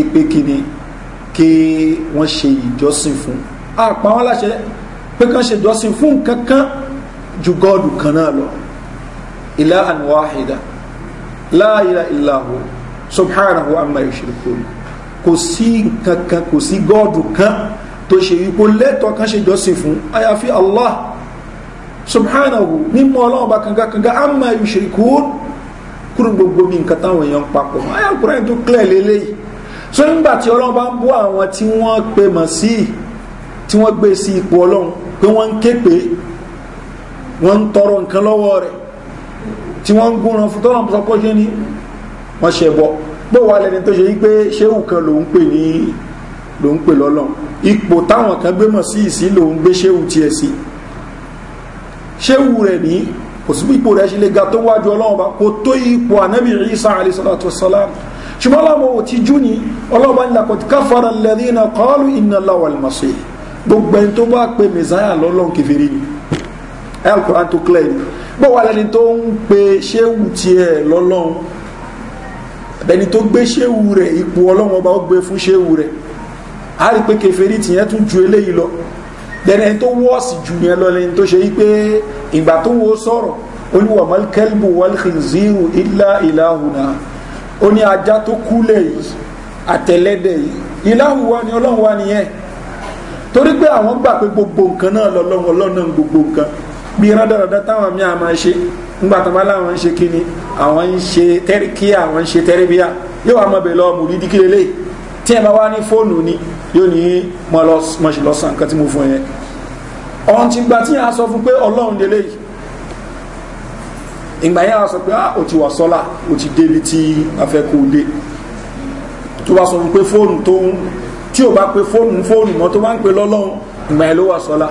ìpè kíni kí wọ́n ṣe ìjọsìn fún àpá wọ́n láṣẹ pé kán ṣe ìjọsìn fún kankan ju gọ́ọ̀dù kan náà lọ ilá anwáhida láàyíra ìlàhù subhanahu amma yushrikun kò sí nǹkan kan kò sí gọ́ọ̀dù kan tó ṣe wípé lẹ́tọ̀ọ́ kan ṣe jọ́sìn fún àyàfi allah subhanahu mímọ́ ọlọ́ọ̀bá kankan kankan amma yushrikun kúrò gbogbo mi nǹkan táwọn èèyàn papọ̀ mọ́ ayé ọkùnrin tó clear lélẹ́yìí so nígbà tí ọlọ́run bá ń bú àwọn tí wọ́n pe mọ̀ sí tí wọ́n gbé sí ipò ọlọ́run pé wọ́n ń ké pé wọ́n ń tọrọ nǹkan lọ́wọ́ rẹ̀ tí wọ́n ń gúnran fún tọ́lọ̀ sọ pé ṣe ni wọ́n ṣe bọ́ bó wà lẹ́ni tó ṣe yí pé ṣéwù kan lòún pè ní lòún pè lọ́lọ́n ipò táwọn kan gbé mọ̀ sí ìsí lòún gbé ṣéwù tiẹ̀ sí ṣéwù rẹ̀ ní kò sí ipò rẹ̀ ṣe lè ga tó wájú ọlọ́run bá kò tó ipò ànábì isa alayhisalaam ṣùgbọ́n láwọn ò ti jú ni ọlọ́ba ńlá kò ti káfara lẹ́rìí náà kọ́ọ́lù ìnáláwà lè gbogbo ẹni tó bá pe mẹ́sáyà lọ́lọ́run kẹfẹ́rẹ́ ni alukuran tó clear ni bó wà lẹni tó ń pe ṣéwù tiẹ̀ lọ́lọ́run ẹni tó gbé ṣéwù rẹ̀ ipò ọlọ́run ọba ó gbé fún ṣéwù rẹ̀ a rí pé kẹfẹ́rí tìyẹn tún ju eléyìí lọ lẹ́ni tó wọ́ọ̀sì jù yẹn lọ lẹ́ni tó ṣe wípé ìgbà tó wo sọ̀rọ̀ ó ní wàmọ́ kẹ́lbù wàlhìnzíru ilá ìlàhùnà ó ní ajá tó kúlẹ̀ yìí àtẹ̀lẹ́dẹ̀ yìí ìlàhùn wa ni ọlọ́run wa nìyẹn torí pé àwọn gbà pé gbogbo nǹkan náà lọ́lọ́run ọlọ́run náà gbogbo nǹkan bí iran dọ̀dọ̀dọ̀ táwọn míì àmọ́ ṣe ńgbà tó bá láwọn ń ṣe kíni àwọn ń ṣe tẹ́ríkíà àwọn ń ṣe tẹ́ríbíà yóò wá mọ̀ bẹ̀ lọ mùrí díkìlẹ̀ lé tí ẹ bá wá ní fóònù ni yóò ní mọ̀ ṣe lọ́sàn kan tí mo fún yẹn ọ̀hún ti gba tí a sọ fún pé ọlọ́run délé yìí ìgbà yẹn a sọ pé ó ah, ti wà sọ́là ó ti débi tí a fẹ́ kó dé tó bá sọ fún pé fóònù tó ń tí ò bá pé fóònù fóònù mọ́ tó bá ń pè lọ́lọ́run ìgbà yẹn ló wà sọ́là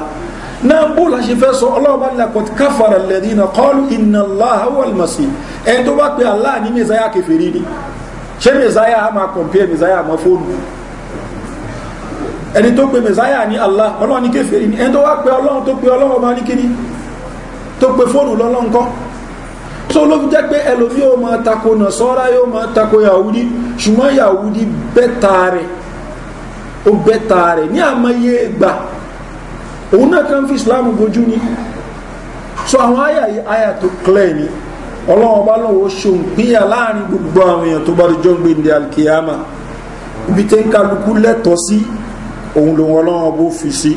náà bó la ṣe fẹ́ sọ ọlọ́run bá nílẹ̀ kọ́tí káfàrà lẹ́dí iná kọ́lù iná láhàwọ̀ àlùmọ̀sí ẹni tó bá pe aláà ní mẹ́sáyà kẹfẹ́rí ni ṣé mẹ́sáyà á máa kọ̀m̀pẹ́ mẹ́sáyà mọ́ fóònù ẹni tó pe mẹ́sáyà ní aláà ọlọ́run ní kẹfẹ́rí ni ẹni tó wá pe ọlọ́run tó pe ọlọ́run bá ní kíní tó pe fóònù lọ́lọ́run kọ́ ló fi jẹ́ pé ẹlòmí yóò máa tako nàṣọ́ra yóò máa tako yahudi ṣùgbọ́n yahudi bẹ́ta rẹ̀ ó bẹ́ta rẹ̀ ní àmọ́yé gbà òun náà kan fi islam bojú ni so àwọn àyà yìí àyà tó clear ni ọlọ́wọ́n bá lọ́wọ́ ṣòun pínyà láàrin gbogbo àwọn èèyàn tó bá di jọ́ gbèndé alkiyama ibi tẹ́ ń kálukú lẹ́tọ̀ọ́ sí òun lòun ọlọ́wọ́n bó fi sí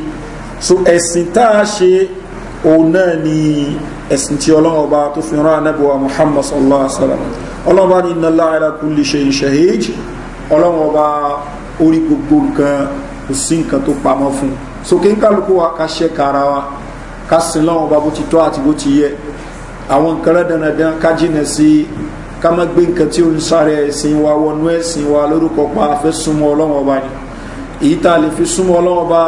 so ẹ̀sìn tá a ṣe òun náà ni ẹ̀sìn tí ọlọ́wọ́n bá tó fi rán anábìwá muhammad sallallahu alaihi wa sallam ọlọ́wọ́n bá ní iná láàrin akúlé ṣe ń ṣe ọlọ́wọ́n bá orí gbogbo nǹkan kò sí nǹkan tó pamọ́ fún un so kí n kálukú wa ká ṣe kára wa ká sin lọ́wọ́ bá bó ti tọ́ àti bó ti yẹ àwọn nǹkan rẹ̀ dandan ká jìnà sí i ká má gbé nǹkan tí ó wa wọnú ẹ̀sìn wa lórúkọ pa àfẹ́ súnmọ́ ọlọ́wọ́ bá ni èyí tá a fi súnmọ́ ọlọ́wọ́ bá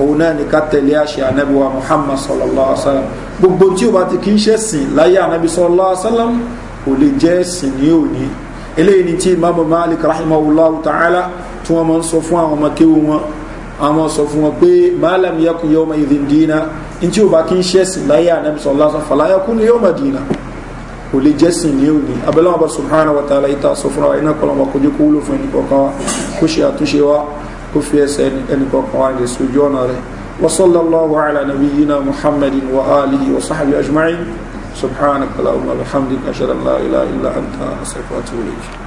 òun ni ká tẹ̀lé àṣẹ ànábi wa muhammad sallallahu alaihi wa sallam gbogbo tí o bá ti kí n ṣe sìn láyé ànábi sallallahu alaihi wa sallam kò lè jẹ́ sìn ní òní eléyìí ni tí imaamu malik rahimahullah ta'ala tí wọ́n máa ń fún àwọn ọmọ kéwù wọn àwọn sọ fún wọn pé maalam yakun yawma idhin dina n tí o bá kí n ṣẹ́sìn láyé ànábi sọ lásán fàlà yakun yawma dina kò lè jẹ́sìn ní òní abẹ́lẹ́ wọn bá subhanahu wa ta'ala yìí ta sọ fúnra wa iná kọlọ́ wọn kò jẹ́ kó wúlò fún ẹnì kọ̀ọ̀kan wa kó ṣe àtúnṣe wa kó fi ẹsẹ̀ ẹnì kọ̀ọ̀kan wa lè sojú ọ̀nà rẹ̀ wa sallallahu ala nabiyyina muhammadin wa alihi wa sahbihi ajma'in subhanaka allahumma wa bihamdika ashhadu an ilaha illa anta astaghfiruka wa